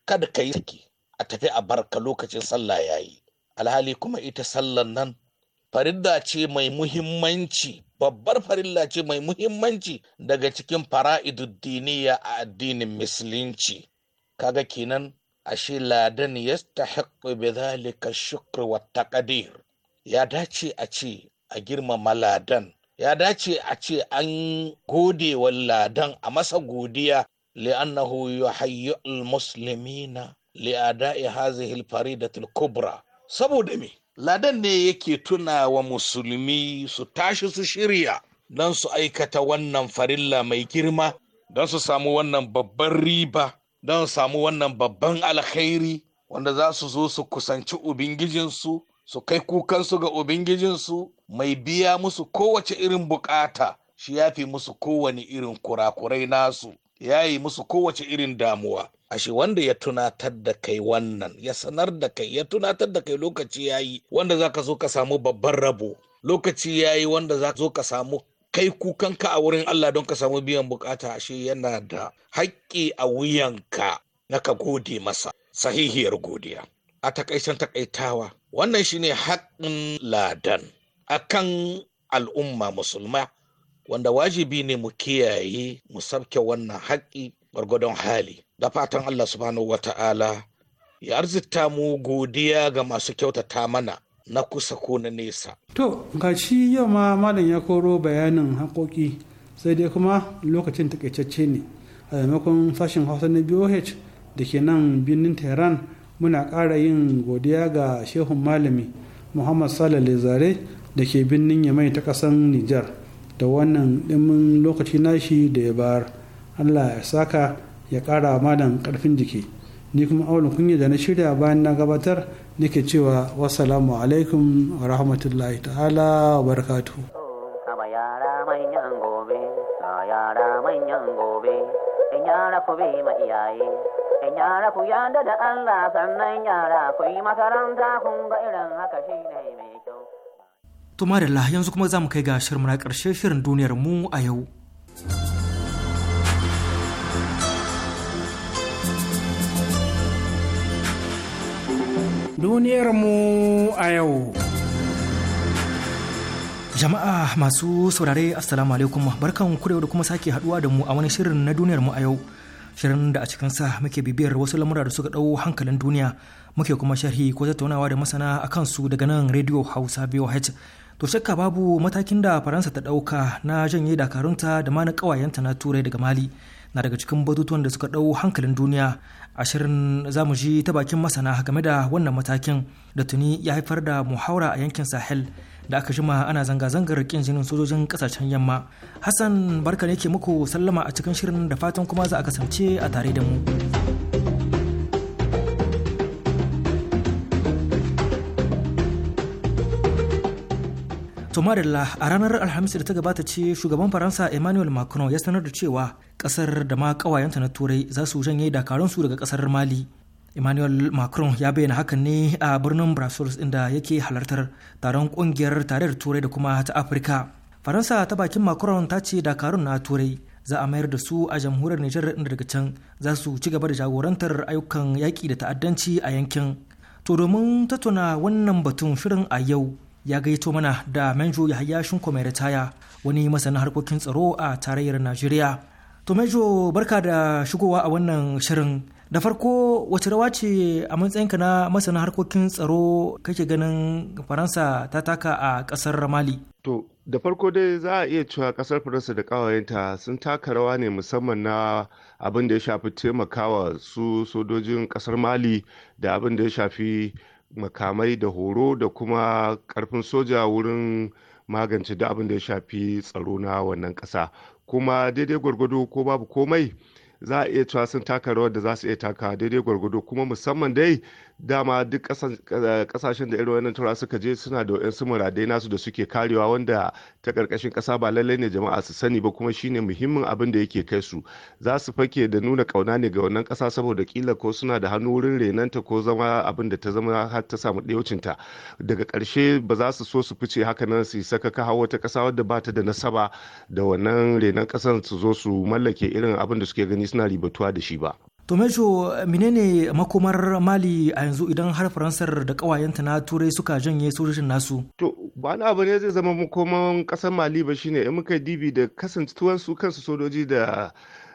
kada ka yi saki a tafi a barka lokacin sallah yayi alhali kuma ita sallan nan farilla ce mai muhimmanci babbar farilla ce mai muhimmanci daga cikin fara'iduddiniya a addinin musulunci kaga kenan ashe ladan yastahiqqu bi dhalika shukr wa taqdir ya dace a ce a girmama ladan ya dace a ce an gode wa ladan a masa godiya لأنه يحيئ المسلمين لأداء هذه الفريدة الكبرى سبو دمي ladan ne yake tuna wa musulmi su tashi su shirya don su aikata wannan farilla mai girma don su samu wannan babban riba don su samu wannan babban alkhairi wanda za su zo su kusanci ubingijinsu, su kai kukansu ga ubingijinsu, mai biya musu kowace irin buƙata, shi ya fi musu kowane irin kurakurai nasu ya yi musu kowace irin damuwa ashe wanda ya tunatar da kai wannan ya sanar da kai ya tunatar da kai lokaci ya yi wanda za ka zo ka samu babban rabo lokaci ya yi wanda za ka zo ka samu kai kukanka a wurin Allah don ka samu biyan bukata ashe yana da haƙƙi a wuyanka na ka gode masa sahihiyar godiya a takaicen takaitawa wannan shine haƙƙin ladan akan al'umma musulma wanda wajibi ne mu kiyaye mu sabke wannan haƙƙi gwargwadon hali da fatan Allah subhanahu wa ta'ala ya arzita mu godiya ga masu kyautata mana na kusa ko na nesa. To, ga shi yau ma malam ya koro bayanin haƙoƙi sai dai kuma lokacin takaitacce ne a maimakon sashen hausa na BOH da ke nan birnin Tehran muna ƙara yin godiya ga shehun malami Muhammad Salale Zare da ke birnin Yamai ta ƙasar Nijar. da wannan ɗimin lokaci nashi da ya bayar allah ya saka ya ƙara malam ƙarfin jiki ni kuma aulun kunya da na shirya bayan na gabatar nake cewa wassalamu alaikum wa rahmatullahi ta'ala wa barakatu yara ku bi ma iyaye yara ku da Allah sannan yara ku yi makaranta kun ga irin haka shine mai To da yanzu kuma za mu kai ga shirin na ƙarshe shirin duniyar mu a yau. Duniyar mu a yau. Jama'a masu saurare Assalamu alaikum barkan ku da kuma sake haduwa da mu a wani shirin na duniyar mu a yau. shirin da a cikin sa muke bibiyar wasu lamura da suka ɗau hankalin duniya muke kuma sharhi ko tattaunawa da masana a kansu daga nan radio hausa BOH to shakka babu matakin da faransa ta ɗauka na janye dakarunta da ma na ƙawayenta na turai daga mali na daga cikin batutuwan da suka ɗau hankalin duniya ashirin zamu ji ta bakin masana game da wannan matakin da tuni ya haifar da muhaura a yankin sahel da aka jima ana zanga-zangar kin jinin sojojin kasashen yamma hassan barka ne ke muku sallama a cikin shirin da fatan kuma za a kasance a tare da mu Tomarilla a ranar Alhamis da ta gabata ce shugaban Faransa Emmanuel Macron ya sanar da cewa kasar da ma kawayenta na Turai za su janye dakarunsu daga kasar Mali. Emmanuel Macron ya bayyana hakan ne a birnin Brussels inda yake halartar taron kungiyar tarayyar Turai da kuma ta Afirka. Faransa ta bakin Macron ta ce dakarun na Turai za a mayar da su a jamhuriyar Nijar inda daga can za su ci gaba da jagorantar ayyukan yaƙi da ta'addanci a yankin. To domin tattauna wannan batun shirin a yau ya gaito mana da Menjo Yahaya Shinko mai ritaya wani masanin harkokin tsaro a tarayyar Najeriya. To Menjo barka da shigowa a wannan shirin. Da farko wace rawa ce a matsayinka na masana harkokin tsaro kake ganin Faransa ta taka a kasar Mali? To da farko dai za a iya cewa kasar Faransa da kawayenta sun taka rawa ne musamman na abin da ya shafi taimakawa su sojojin kasar Mali da abin da ya shafi makamai da horo da kuma karfin soja wurin magance duk abin da ya shafi tsaro na wannan ƙasa kuma daidai gwargwado ko babu komai za a iya cewa sun taka rawar da za su iya taka daidai gwargwado kuma musamman dai dama duk kasashen eh, da irin wannan tura suka je suna da su muradai nasu da suke karewa wanda ta karkashin kasa ba lallai ne jama'a su sani ba kuma shine muhimmin abin da yake kai su za su fake da nuna kauna ne ga wannan kasa saboda kila ko suna da hannu wurin renanta ko zama abin da ta zama har ta samu ɗayocinta daga ƙarshe ba za su so su fice haka nan su saka kawo wata kasa wadda ba ta da nasaba da wannan renan kasan su zo su mallake irin abin da suke gani suna ribatuwa da shi ba to mejo menene makomar mali a yanzu idan har faransar da kawayenta na turai suka janye sojojin nasu to ba na abu ne zai zama makoman kasar mali ba shine in muka dibi da kasancewan su kansu sojoji da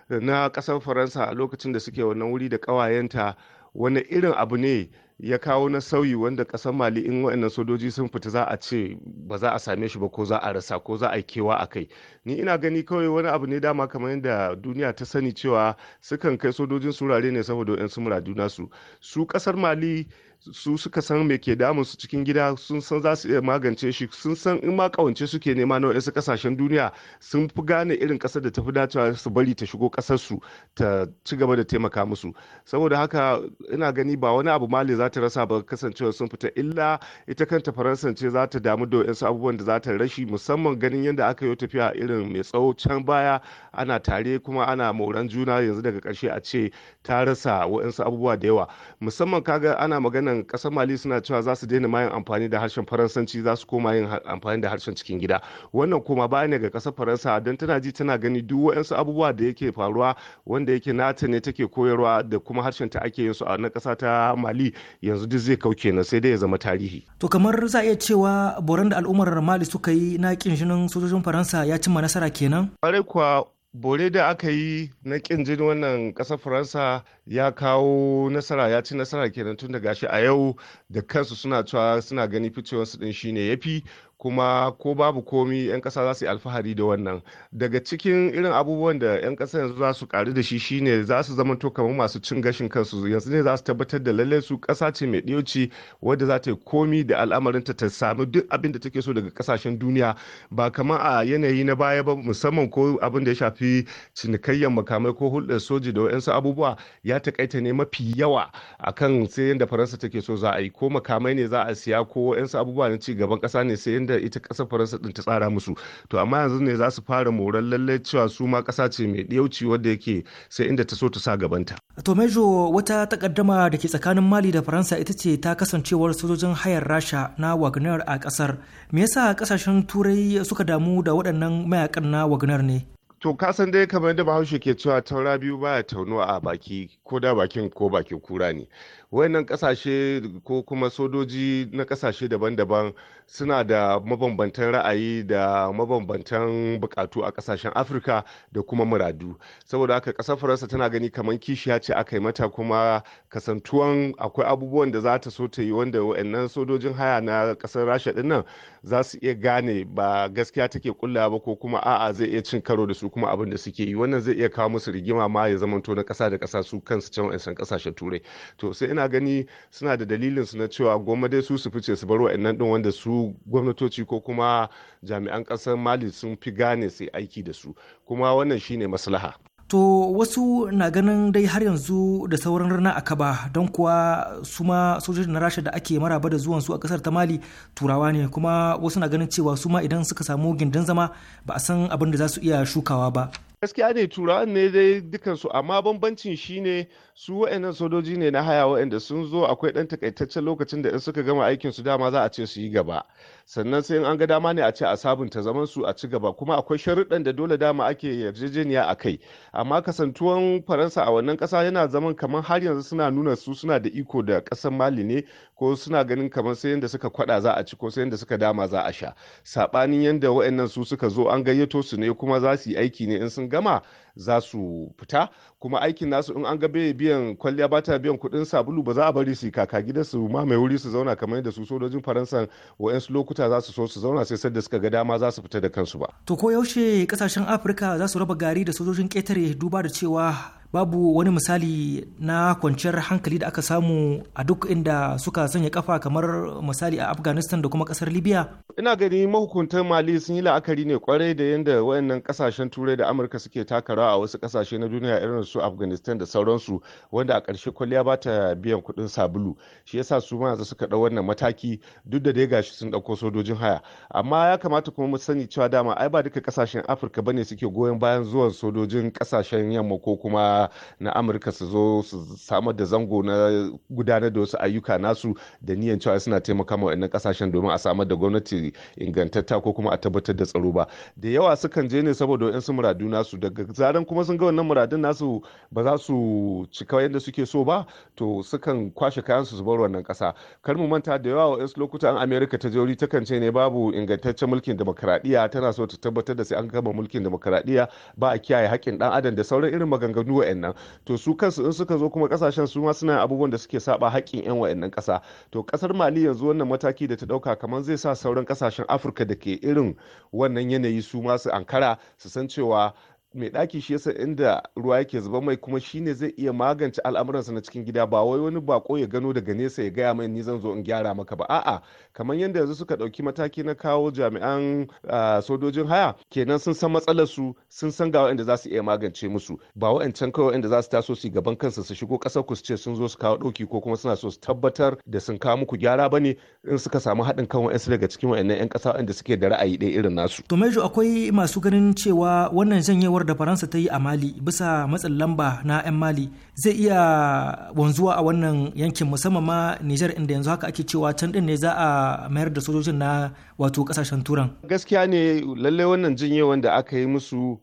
na kasar faransa a lokacin da suke wannan wuri da kawayenta wani irin abu ne ya kawo na sauyi wanda kasan mali in waɗannan sojoji sun fita za a ce ba za a same shi ba ko za a rasa ko za a yi kewa a kai ni ina gani kawai wani abu ne dama kamar yadda duniya ta sani cewa sukan kai sojojin surare ne saboda 'yan su muraduna su su kasar mali su suka san me ke damun su cikin gida sun san za su iya magance shi sun san in ma kawance suke nema na wadansu kasashen duniya sun fi gane irin kasar da ta fi dacewa su bari ta shigo kasarsu su ta ci gaba da taimaka musu saboda haka ina gani ba wani abu mali za ta rasa ba kasancewa sun fita illa ita kanta faransa ce za ta damu da wadansu abubuwan da za ta rashi musamman ganin yadda aka yi tafiya irin mai tsawo can baya ana tare kuma ana moran juna yanzu daga karshe a ce ta rasa wadansu abubuwa da yawa musamman kaga ana magana nan kasar mali suna cewa za su daina mayan amfani da harshen faransanci za su koma yin amfani da harshen cikin gida wannan kuma ba ne ga kasar faransa don tana ji tana gani duk wayansu abubuwa da yake faruwa wanda yake nata ne take koyarwa da kuma harshen ta ake yin su a na kasa ta mali yanzu duk zai kauke na sai dai ya zama tarihi to kamar za iya cewa boran da al'ummar mali suka yi na kin jinin sojojin faransa ya cimma nasara kenan kuwa bore da aka yi na kin jini wannan kasar faransa ya kawo nasara ya ci nasara kenan tun da gashi a yau da kansu suna cewa suna gani fitowarsu din shine yafi kuma ko babu komi 'yan kasa za su yi alfahari da wannan daga cikin irin abubuwan da 'yan kasa yanzu za su karu da shi shine za su zama to kamar masu cin gashin kansu yanzu ne za su tabbatar da lallai su kasa ce mai ɗiyoci wadda za ta yi komi da al'amarin ta ta sami duk abin da take so daga kasashen duniya ba kamar a yanayi na baya ba musamman ko abin da ya shafi cinikayyar makamai ko hulɗar soji da wa'yansu abubuwa ya takaita ne mafi yawa a kan sai yadda faransa take so za a yi ko makamai ne za a siya ko yansu abubuwa na cigaban gaban kasa ne sai yadda ita kasar faransa din ta tsara musu to amma yanzu ne za su fara moran lalle cewa su ma kasa ce mai ɗiyauci wadda yake sai inda ta so ta sa gabanta. to mejo wata takaddama da ke tsakanin mali da faransa ita ce ta kasancewar sojojin hayar rasha na wagner a kasar me yasa kasashen turai suka damu da waɗannan mayakan na wagner ne. To ka san dai kamar da Bahaushe ke cewa taura biyu baya taunuwa a baki ko da bakin ko bakin kura ne. wayannan kasashe ko kuma sojoji na kasashe daban-daban suna da mabambantan ra'ayi da mabambantan bukatu a kasashen afirka da kuma muradu saboda haka kasar faransa tana gani kamar kishiya ce aka yi mata kuma kasantuwan akwai abubuwan da za ta so ta yi wanda wayannan sojojin haya na kasar rasha ɗinnan za su iya gane ba gaskiya take kulla ba ko kuma a'a zai iya cin karo da su kuma abin da suke yi wannan zai iya kawo musu rigima ma ya zamanto na kasa da kasa su kansu can 'yan kasashen turai to sai ina gani suna da dalilin su na cewa goma dai su su fice su bar wa'annan din wanda su gwamnatoci ko kuma jami'an ƙasar mali sun fi gane sai aiki da su kuma wannan shine maslaha to wasu na ganin dai har yanzu da sauran rana a kaba don kuwa su ma sojojin na rasha da ake maraba da zuwansu a kasar ta mali turawa ne kuma wasu na ganin cewa su ma idan suka samu gindin zama ba a san abin da za su iya shukawa ba gaskiya ne turawan ne dai dukansu amma bambancin shine su wa'annan sojoji ne na haya wa'anda sun zo akwai dan takaitaccen lokacin da in suka gama aikin su dama za a ce su yi gaba sannan sai an ga dama ne a ce a sabunta zaman su a ci gaba kuma akwai sharuɗan da dole dama ake yarjejeniya a kai amma kasantuwan faransa a wannan ƙasa yana zaman kamar har yanzu suna nuna su suna da iko da ƙasar mali ne ko suna ganin kamar sai yadda suka kwada za a ci ko sai yadda suka dama za a sha saɓanin yadda wa'annan su suka zo an gayyato su ne kuma za su yi aiki ne in sun gama za su fita kuma aikin nasu in an ga bai biyan kwalliya ba ta biyan kuɗin sabulu ba za a bari su kaka gidan su ma mai wuri su zauna kamar yadda su sojojin faransa wa'yansu lokuta za su so su zauna sai sadda suka ga dama za su fita da kansu ba. to ko yaushe kasashen afirka za su raba gari da sojojin ƙetare duba da cewa babu wani misali na kwanciyar hankali da aka samu a duk inda suka sanya kafa kamar misali a afghanistan da kuma kasar libya ina gani mahukuntar mali sun yi la'akari ne kwarai da yadda wayannan kasashen turai da amurka suke takara a wasu kasashe na duniya irin su afghanistan da sauransu wanda a ƙarshe kwalliya ba ta biyan kuɗin sabulu shi yasa su ma yanzu suka ɗau wannan mataki duk da dai gashi sun ɗauko sojojin haya amma ya kamata kuma mu sani cewa dama ai ba duka kasashen afirka bane suke goyon bayan zuwan sojojin kasashen yamma ko kuma na amurka su zo su samar da zango na gudanar da wasu ayyuka nasu da niyan cewa suna taimaka ma wa'annan kasashen domin a samar da gwamnati ingantatta ko kuma a tabbatar da tsaro ba da yawa sukan je ne saboda su muradu nasu daga zaran kuma sun ga wannan muradun nasu ba za su cika yadda suke so ba to sukan kwashe kayan su bar wannan kasa kar mu manta da yawa lokuta an amerika ta jori takan ce ne babu ingantaccen mulkin demokradiyya tana so ta tabbatar da sai an gama mulkin demokradiyya ba a kiyaye haƙƙin dan adam da sauran irin maganganu wa wa'annan to su kansu in suka zo kuma kasashen su ma suna abubuwan da suke saba haƙƙin 'yan wa'annan ƙasa to ƙasar mali yanzu wannan mataki da ta ɗauka kamar zai sa sauran ƙasashen afirka da ke irin wannan yanayi su ma su ankara su san cewa mai ɗaki shi yasa inda ruwa yake zuba mai kuma shi ne zai iya magance al'amuransa na cikin gida ba wai wani bako ya gano daga nesa ya gaya mai ni zan zo in gyara maka ba a'a kamar yadda yanzu suka ɗauki mataki na kawo jami'an sojojin haya kenan sun san matsalar su sun san ga waɗanda za su iya magance musu ba wa'ancan kawai waɗanda za su taso su gaban kansu su shigo kasar ku su ce sun zo su kawo ɗauki ko kuma suna so su tabbatar da sun kawo muku gyara ba ne in suka samu haɗin kan waɗansu daga cikin waɗannan 'yan ƙasa waɗanda suke da ra'ayi ɗaya irin nasu. to akwai masu ganin cewa wannan zanyewar da faransa ta yi a mali bisa matsin lamba na 'yan mali zai iya wanzuwa a wannan yankin musamman ma niger inda yanzu haka ake cewa can din ne za a mayar da sojojin na wato kasashen turan gaskiya ne lalle wannan jinyewan da aka yi musu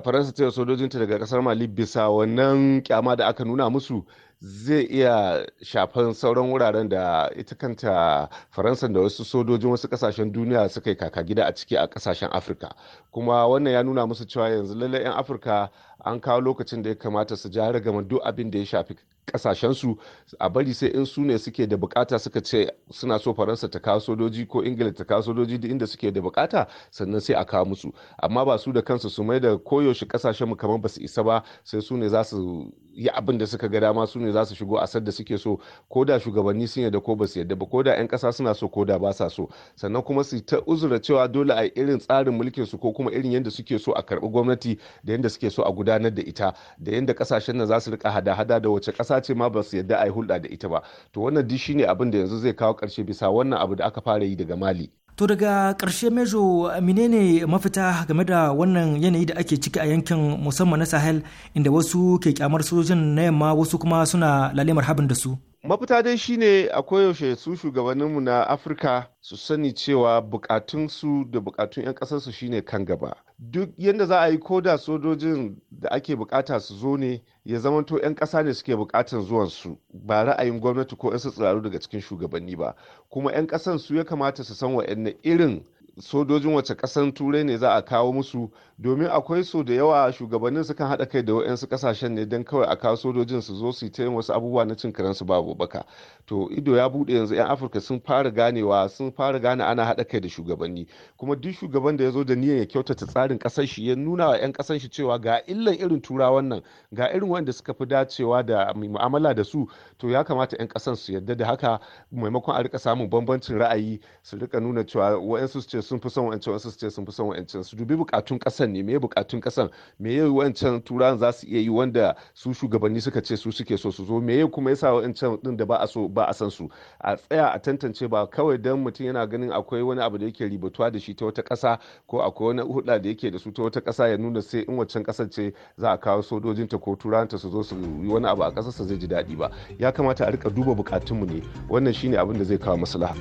faransa ta sojojinta daga kasar mali bisa wannan kyama da aka nuna musu zai iya shafan sauran wuraren da ita kanta faransa da wasu sojojin wasu kasashen duniya suka yi kaka gida a ciki a kasashen afirka kuma wannan ya nuna musu cewa yanzu lallai 'yan afirka an kawo lokacin da ya kamata su ja ragama duk abin da ya shafi kasashensu a bari sai in su ne suke da bukata suka ce suna so faransa ta kawo sojoji ko ingila ta kawo sojoji duk inda suke da bukata sannan sai a kawo musu amma ba su da kansu su mai da koyaushe kasashen mu kamar ba su isa ba sai su ne za su yi abin da suka ga dama su ne za su shigo asar da suke so ko da shugabanni sun yadda ko ba su yadda ba ko da 'yan kasa suna so ko da ba sa so sannan kuma su ta uzura cewa dole a irin tsarin mulkin su ko kuma irin yadda suke so a karbi gwamnati da yadda suke so a guda. gudanar da ita da yadda kasashen nan za su rika hada-hada da wace kasa ce ma ba su yadda a yi hulɗa da ita ba to wannan duk shine abin da yanzu zai kawo ƙarshe bisa wannan abu da aka fara yi daga mali to daga ƙarshe mejo menene mafita game da wannan yanayi da ake ciki a yankin musamman na sahel inda wasu ke kyamar sojojin na yamma wasu kuma suna lalemar habin da su mafita dai shine a koyaushe su shugabanninmu na afirka su sani cewa bukatunsu da bukatun 'yan kasarsu shine kan gaba duk yadda za a yi koda sojojin da ake bukata su zo ne ya zamanto 'yan ƙasa ne suke bukatan zuwansu ba ra'ayin gwamnati ko 'yan su tsiraru daga cikin shugabanni ba kuma 'yan ƙasan su ya kamata su san wa'yan irin sojojin wace kasan turai ne za a kawo musu domin akwai so da yawa shugabannin su kan haɗa kai da wa'yansu kasashen ne don kawai a kawo sojojin su zo su ta yin wasu abubuwa na cin su babu baka to ido ya buɗe yanzu 'yan afirka sun fara ganewa sun fara gane ana haɗa kai da shugabanni kuma duk shugaban da ya zo da niyan ya kyautata tsarin ƙasar shi ya nuna wa 'yan ƙasar shi cewa ga illan irin turawan nan ga irin wanda suka fi dacewa da mu'amala da su to ya kamata 'yan ƙasar su yarda da haka maimakon a rika samun bambancin ra'ayi su rika nuna cewa wa'yansu su ce sun fi son wancan wasu su ce sun fi son wancan su dubi bukatun kasan ne me bukatun kasan me wancan turan za su iya yi wanda su shugabanni suka ce su suke so su zo me kuma yasa wancan din da ba a so ba a san su a tsaya a tantance ba kawai dan mutum yana ganin akwai wani abu da yake ribatuwa da shi ta wata kasa ko akwai wani hulɗa da yake da su ta wata kasa ya nuna sai in wancan kasan ce za a kawo sojojinta ko turanta su zo su yi wani abu a kasarsa zai ji daɗi ba ya kamata a rika duba bukatunmu ne wannan shine abin da zai kawo maslaha.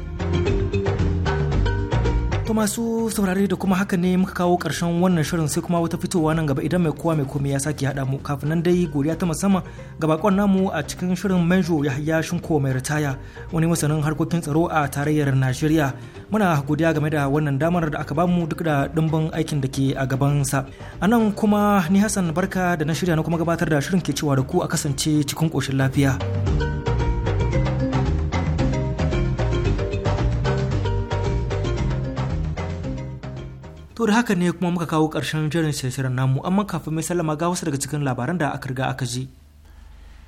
To masu saurare da kuma haka ne muka kawo ƙarshen wannan shirin sai kuma wata fitowa nan gaba idan mai kowa mai komai ya sake hada mu kafin nan dai godiya ta musamman ga bakon namu a cikin shirin Menjo Yahya Shinko mai ritaya wani masanin harkokin tsaro a tarayyar Najeriya. Muna godiya game da wannan damar da aka bamu duk da ɗimbin aikin da ke a gabansa. A nan kuma ni Hassan Barka da na shirya na kuma gabatar da shirin ke cewa da ku a kasance cikin koshin lafiya. To da haka ne kuma muka kawo ƙarshen jerin shirin namu amma kafin mai sallama ga wasu daga cikin labaran da aka riga aka ji.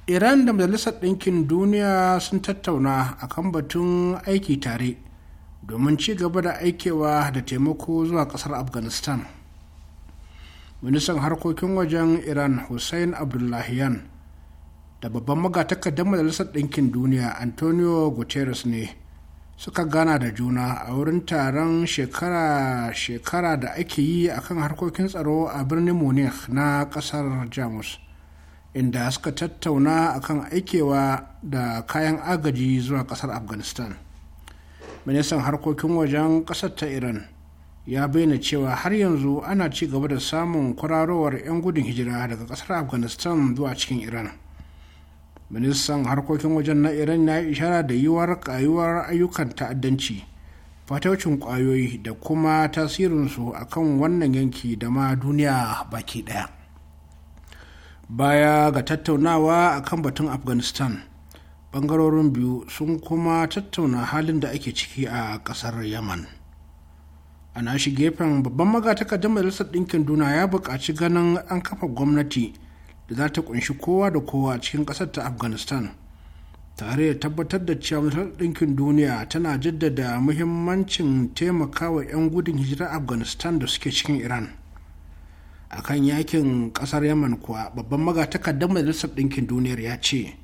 Iran da Majalisar Ɗinkin Duniya sun tattauna a kan batun aiki tare domin ci gaba da aikewa da taimako zuwa ƙasar Afghanistan. Ministan harkokin wajen Iran Hussein Abdullahian da babban magatakardar Majalisar Ɗinkin Duniya Antonio Guterres ne. suka gana da juna a wurin taron shekara-shekara da ake yi a kan harkokin tsaro a birnin munich na kasar jamus inda suka tattauna akan aikewa da kayan agaji zuwa kasar afghanistan ministan harkokin wajen kasar ta iran ya bayyana cewa har yanzu ana ci gaba da samun kwararowar 'yan gudun hijira daga kasar afghanistan zuwa cikin iran ministan harkokin wajen na iran ya ishara da yiwuwar kayuwar ayyukan ta'addanci fataucin kwayoyi da kuma tasirinsu a kan wannan yanki da ma duniya baki daya baya ga tattaunawa a kan batun afghanistan bangarorin biyu sun kuma tattauna halin da ake ciki a kasar yaman a nashi gefen babban magatakardar majalisar ɗinkin duna ya buƙaci ganin an kafa gwamnati da za ta kunshi kowa da kowa cikin ƙasar ta afghanistan tare da tabbatar da cewa majalisar ɗinkin duniya tana jaddada muhimmancin taimakawa 'yan gudun hijira afghanistan da suke cikin iran a kan yakin ƙasar yaman kuwa babban magatakardar majalisar ɗinkin duniyar ya ce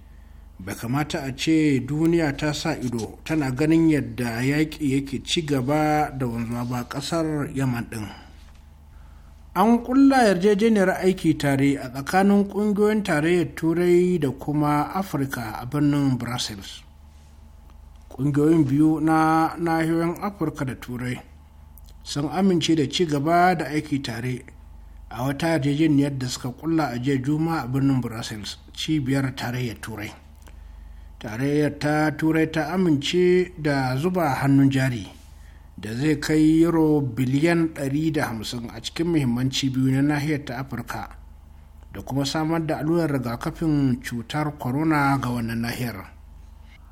bai kamata a ce duniya ta sa ido tana ganin yadda yaƙi yake ci gaba da wanzuwa ba ƙasar yaman ɗin. an kulla yarjejeniyar aiki tare a tsakanin ƙungiyoyin tarayyar turai da kuma afirka a birnin brussels Ƙungiyoyin biyu na nahiyoyin afirka da turai sun amince da ci gaba da aiki tare a wata yarjejeniyar da suka kulla a jiya juma a birnin brussels cibiyar tarayyar turai tarayyar ta turai ta amince da zuba hannun jari da zai kai euro biliyan 150 a cikin muhimman cibiyu na nahiyar ta afirka da kuma samar da allurar rigakafin cutar corona ga wannan nahiyar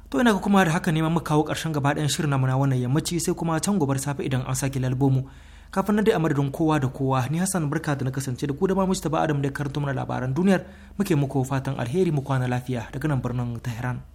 to ina kuma da haka ma muka kawo karshen gaba ɗayan shirin namu na wannan yammaci sai kuma can gobar safe idan an sake lalbomu kafin nan dai a madadin kowa da kowa ni hassan barka da na kasance da ku da ma mujtaba adam da karanto mana labaran duniyar muke muku fatan alheri mu kwana lafiya daga nan birnin tehran